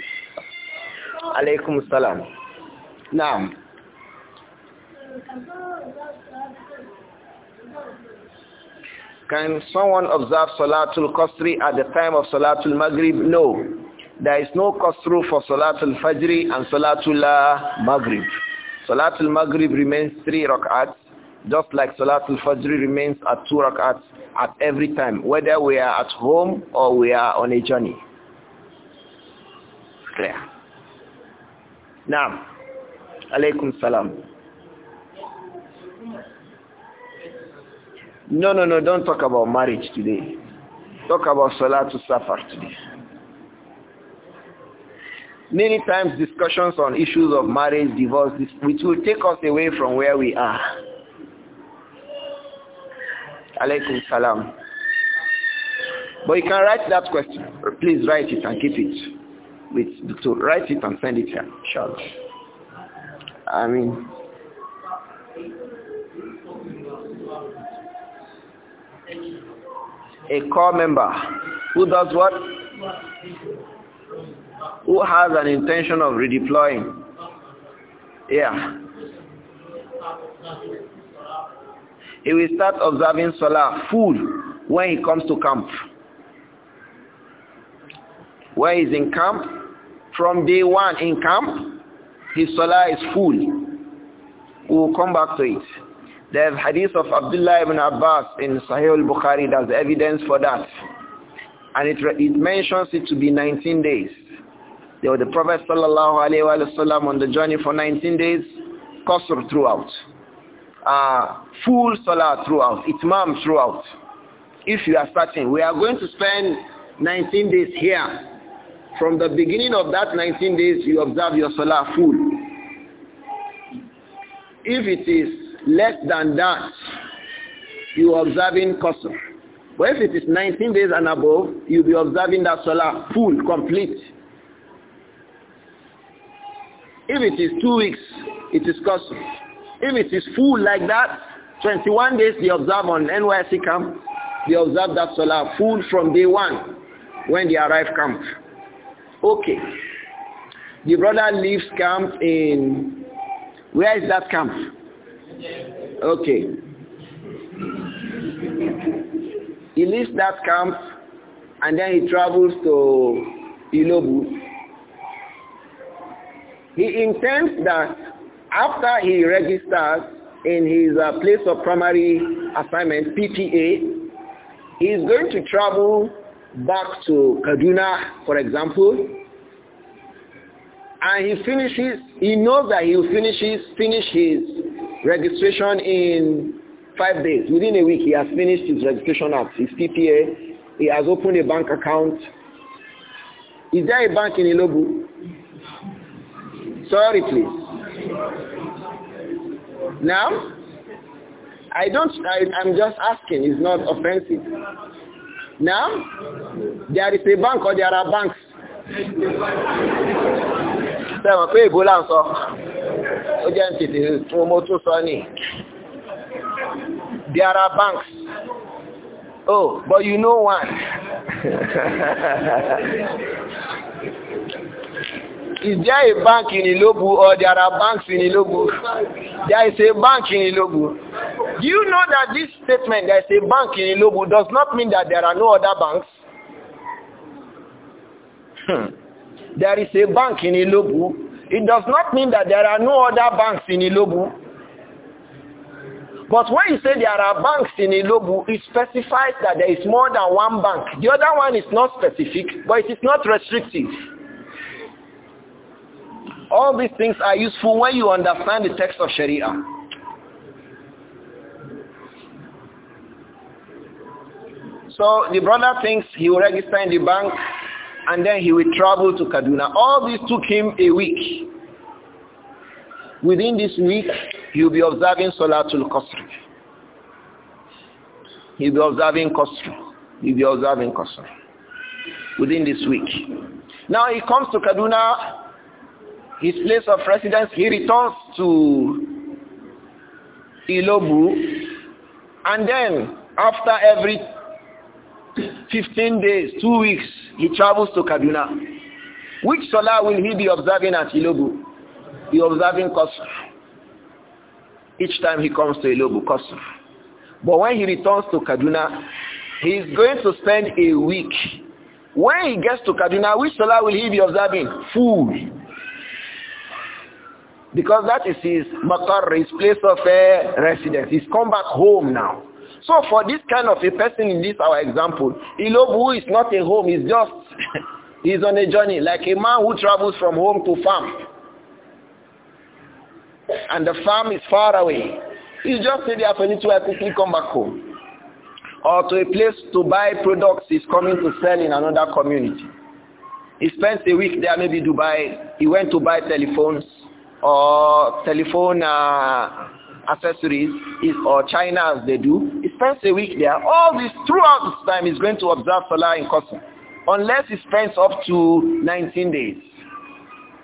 Alaykum salam. Now. Can someone observe Salatul Qasri at the time of Salatul Maghrib? No. There is no Qasru for Salatul Fajr and Salatul Maghrib. Salatul Maghrib remains three rak'ats just like Salatul Fajr remains at two rak'ats at every time, whether we are at home or we are on a journey. Clear. Now, alaykum salam. No, no, no, don't talk about marriage today. Talk about Salatul Safar today. Many times discussions on issues of marriage, divorce, which will take us away from where we are. Alaikum salam. But you can write that question. Please write it and keep it. With to write it and send it here. Inshallah. I mean. A core member who does what? Who has an intention of redeploying? Yeah. He will start observing Salah full when he comes to camp. When he's in camp, from day one in camp, his Salah is full. We will come back to it. There's hadith of Abdullah ibn Abbas in Sahih al-Bukhari. There's evidence for that. And it, it mentions it to be 19 days. There was the Prophet sallallahu alayhi wa sallam on the journey for 19 days, qasr throughout uh, full salah throughout, itmam throughout. If you are starting, we are going to spend 19 days here. From the beginning of that 19 days, you observe your salah full. If it is less than that, you are observing custom. But if it is 19 days and above, you'll be observing that salah full, complete. If it is two weeks, it is custom. If it is full like that, 21 days they observe on NYC camp, they observe that solar full from day one when they arrive camp. Okay. The brother leaves camp in, where is that camp? Okay. He leaves that camp and then he travels to Ilobu. He intends that after he registers in his uh, place of primary assignment, PPA, he is going to travel back to Kaduna, for example, and he finishes, he knows that he will finish his, finish his registration in five days. Within a week, he has finished his registration at his PPA. He has opened a bank account. Is there a bank in Ilobu? Sorry, please. Now, I don't, I, I'm just asking, it's not offensive. Now, there is a bank or there are banks. Sẹ́wọ̀n pé ìbò là ń sọ, ó jẹ́ tètè fún mo tún sọ ní. There are banks. Oh, but you know one. Is there a bank in Ilobu or there are banks in Ilobu? There is a bank in Ilobu. Do you know that this statement, there is a bank in Ilobu, does not mean that there are no other banks? Hmm. There is a bank in Ilobu. It does not mean that there are no other banks in Ilobu. But when you say there are banks in Ilobu, it specifies that there is more than one bank. The other one is not specific, but it is not restrictive. All these things are useful when you understand the text of Sharia. So the brother thinks he will register in the bank and then he will travel to Kaduna. All this took him a week. Within this week, he'll be observing Salatul Qasr. He'll be observing Qasr. He'll be observing Qasr. Within this week. Now he comes to Kaduna his place of residence, he returns to Ilobu. And then, after every 15 days, two weeks, he travels to Kaduna. Which Salah will he be observing at Ilobu? He observing Qasr. Each time he comes to Ilobu, Qasr. But when he returns to Kaduna, he is going to spend a week. When he gets to Kaduna, which Salah will he be observing? Food. Because that is his matar, his place of uh, residence. He's come back home now. So for this kind of a person in this our example, Ilobu is not a home, he's just, he's on a journey, like a man who travels from home to farm. And the farm is far away. He's just said, there I you to quickly come back home. Or to a place to buy products he's coming to sell in another community. He spends a week there, maybe Dubai. He went to buy telephones or telephone uh, accessories is, or China as they do, he spends a week there. All this throughout this time is going to observe Salah in Qasr. Unless he spends up to 19 days.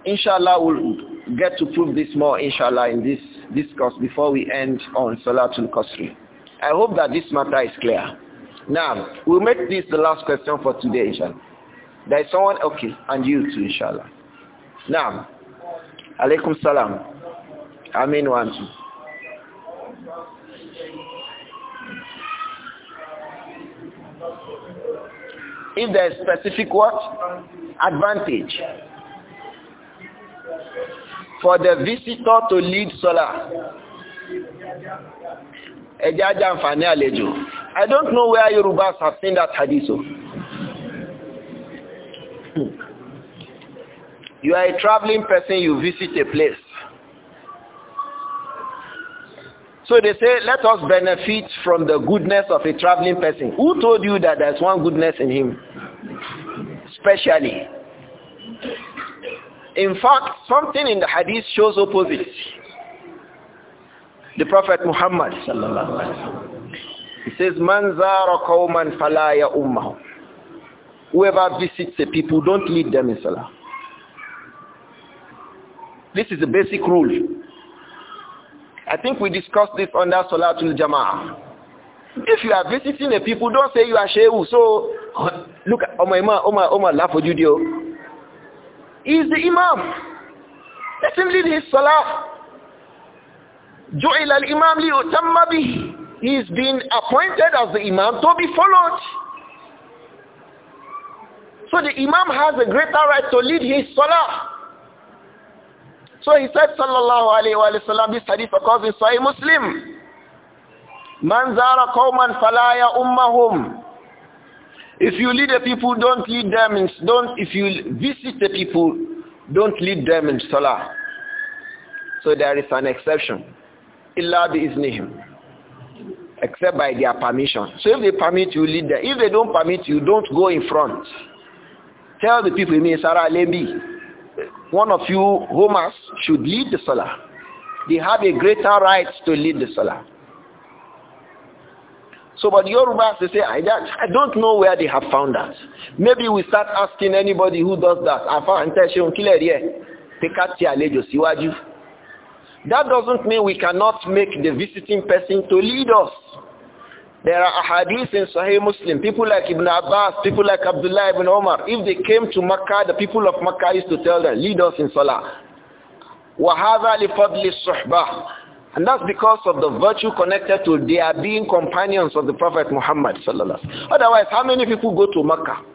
Inshallah, we'll get to prove this more, inshallah, in this discourse before we end on Salatul Qasri. I hope that this matter is clear. Now, we'll make this the last question for today, inshallah. There is someone, okay, and you too, inshallah. Now, alaikum salam amin wa antum if there is specific what advantage for the visitor to lead solar ẹjẹ́ ajá àǹfààní i don't know where Yorubas have seen that hadith o. You are a traveling person, you visit a place. So they say, let us benefit from the goodness of a traveling person. Who told you that there's one goodness in him? Especially, In fact, something in the hadith shows opposite. The Prophet Muhammad he says, Man zara falaya ummahum. Whoever visits the people, don't lead them in salah. This is the basic rule. I think we discussed this under Salatul Jama'ah. If you are visiting the people, don't say you are Shehu. So, look, oh my, oh my, oh my, laugh for Judio. He's the Imam. Let him lead his Salah. جعل Imam li به. He's been appointed as the Imam to be followed. So the Imam has a greater right to lead his Salah. So he said, sallallahu alayhi wa sallam, this hadith occurs in Sahih Muslim. Man zara qawman falaya ummahum. If you lead the people, don't lead them in, don't, if you visit the people, don't lead them in salah. So there is an exception. Illa bi'iznihim. Except by their permission. So if they permit you, lead them. If they don't permit you, don't go in front. Tell the people, Sarah me." one of you homers should lead the salah. They have a greater right to lead the salah. So, but Yorubas, they say, I, I don't know where they have found that. Maybe we start asking anybody who does that. That doesn't mean we cannot make the visiting person to lead us. There are hadiths in Sahih Muslim, people like Ibn Abbas, people like Abdullah ibn Omar. If they came to Makkah, the people of Makkah used to tell them, lead us in Salah. وَهَذَا لِفَضْلِ الصُّحْبَةِ And that's because of the virtue connected to their being companions of the Prophet Muhammad sallallahu Otherwise, how many people go to Makkah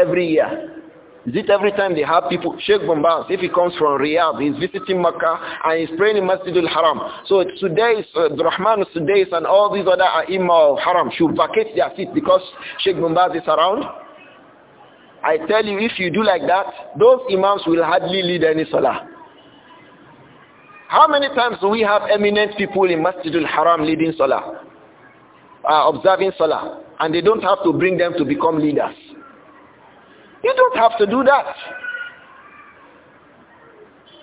every year? Is it every time they have people, Sheikh Bombas, if he comes from Riyadh, he's visiting Makkah and he's praying in Masjid al-Haram. So today's uh, Rahman Sudais and all these other Aima of Haram should vacate their seat because Sheikh Bombas is around. I tell you, if you do like that, those imams will hardly lead any salah. How many times do we have eminent people in Masjid al-Haram leading salah, uh, observing salah, and they don't have to bring them to become leaders? You don't have to do that.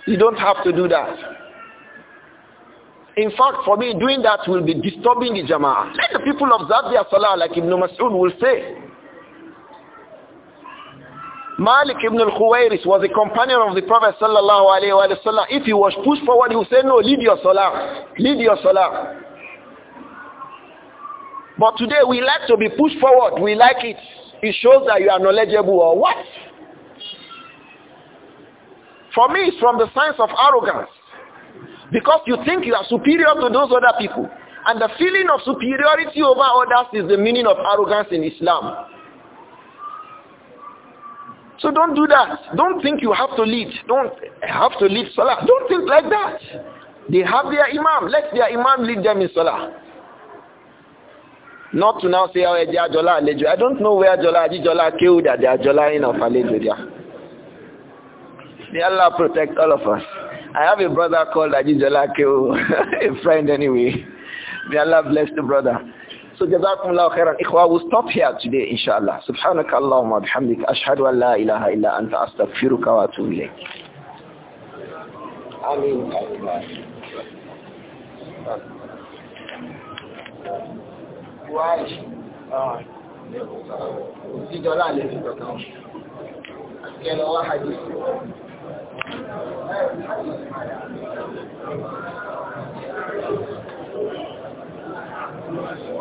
You don't have to do that. In fact, for me, doing that will be disturbing the jama'ah. Let the people observe their salah like Ibn Mas'ud will say. Malik ibn al-Khuwairis was a companion of the Prophet sallallahu alayhi wa sallam. If he was pushed forward, he would say, no, lead your salah. Lead your salah. But today we like to be pushed forward. We like it. It shows that you are knowledgeable or what? For me, it's from the signs of arrogance. Because you think you are superior to those other people. And the feeling of superiority over others is the meaning of arrogance in Islam. So don't do that. Don't think you have to lead. Don't have to lead Salah. Don't think like that. They have their imam. Let their imam lead them in Salah. Not to now say, oh, are Jola Alejo. I don't know where Jola Jola killed that they are Jola in of Alejo there. May Allah protect all of us. I have a brother called Ajijola Keo, a friend anyway. May Allah bless the brother. So jazakumullahu khairan. Ikhwa, we'll stop here today, inshallah. Subhanaka Allahumma bihamdik. Ashhadu an la ilaha illa anta astaghfiruka wa atubu ilayk. ìwà àìṣì òsíjọ́ láàrin ìgbọ̀kan àti ẹlọ́wà àjẹ́ Thank you.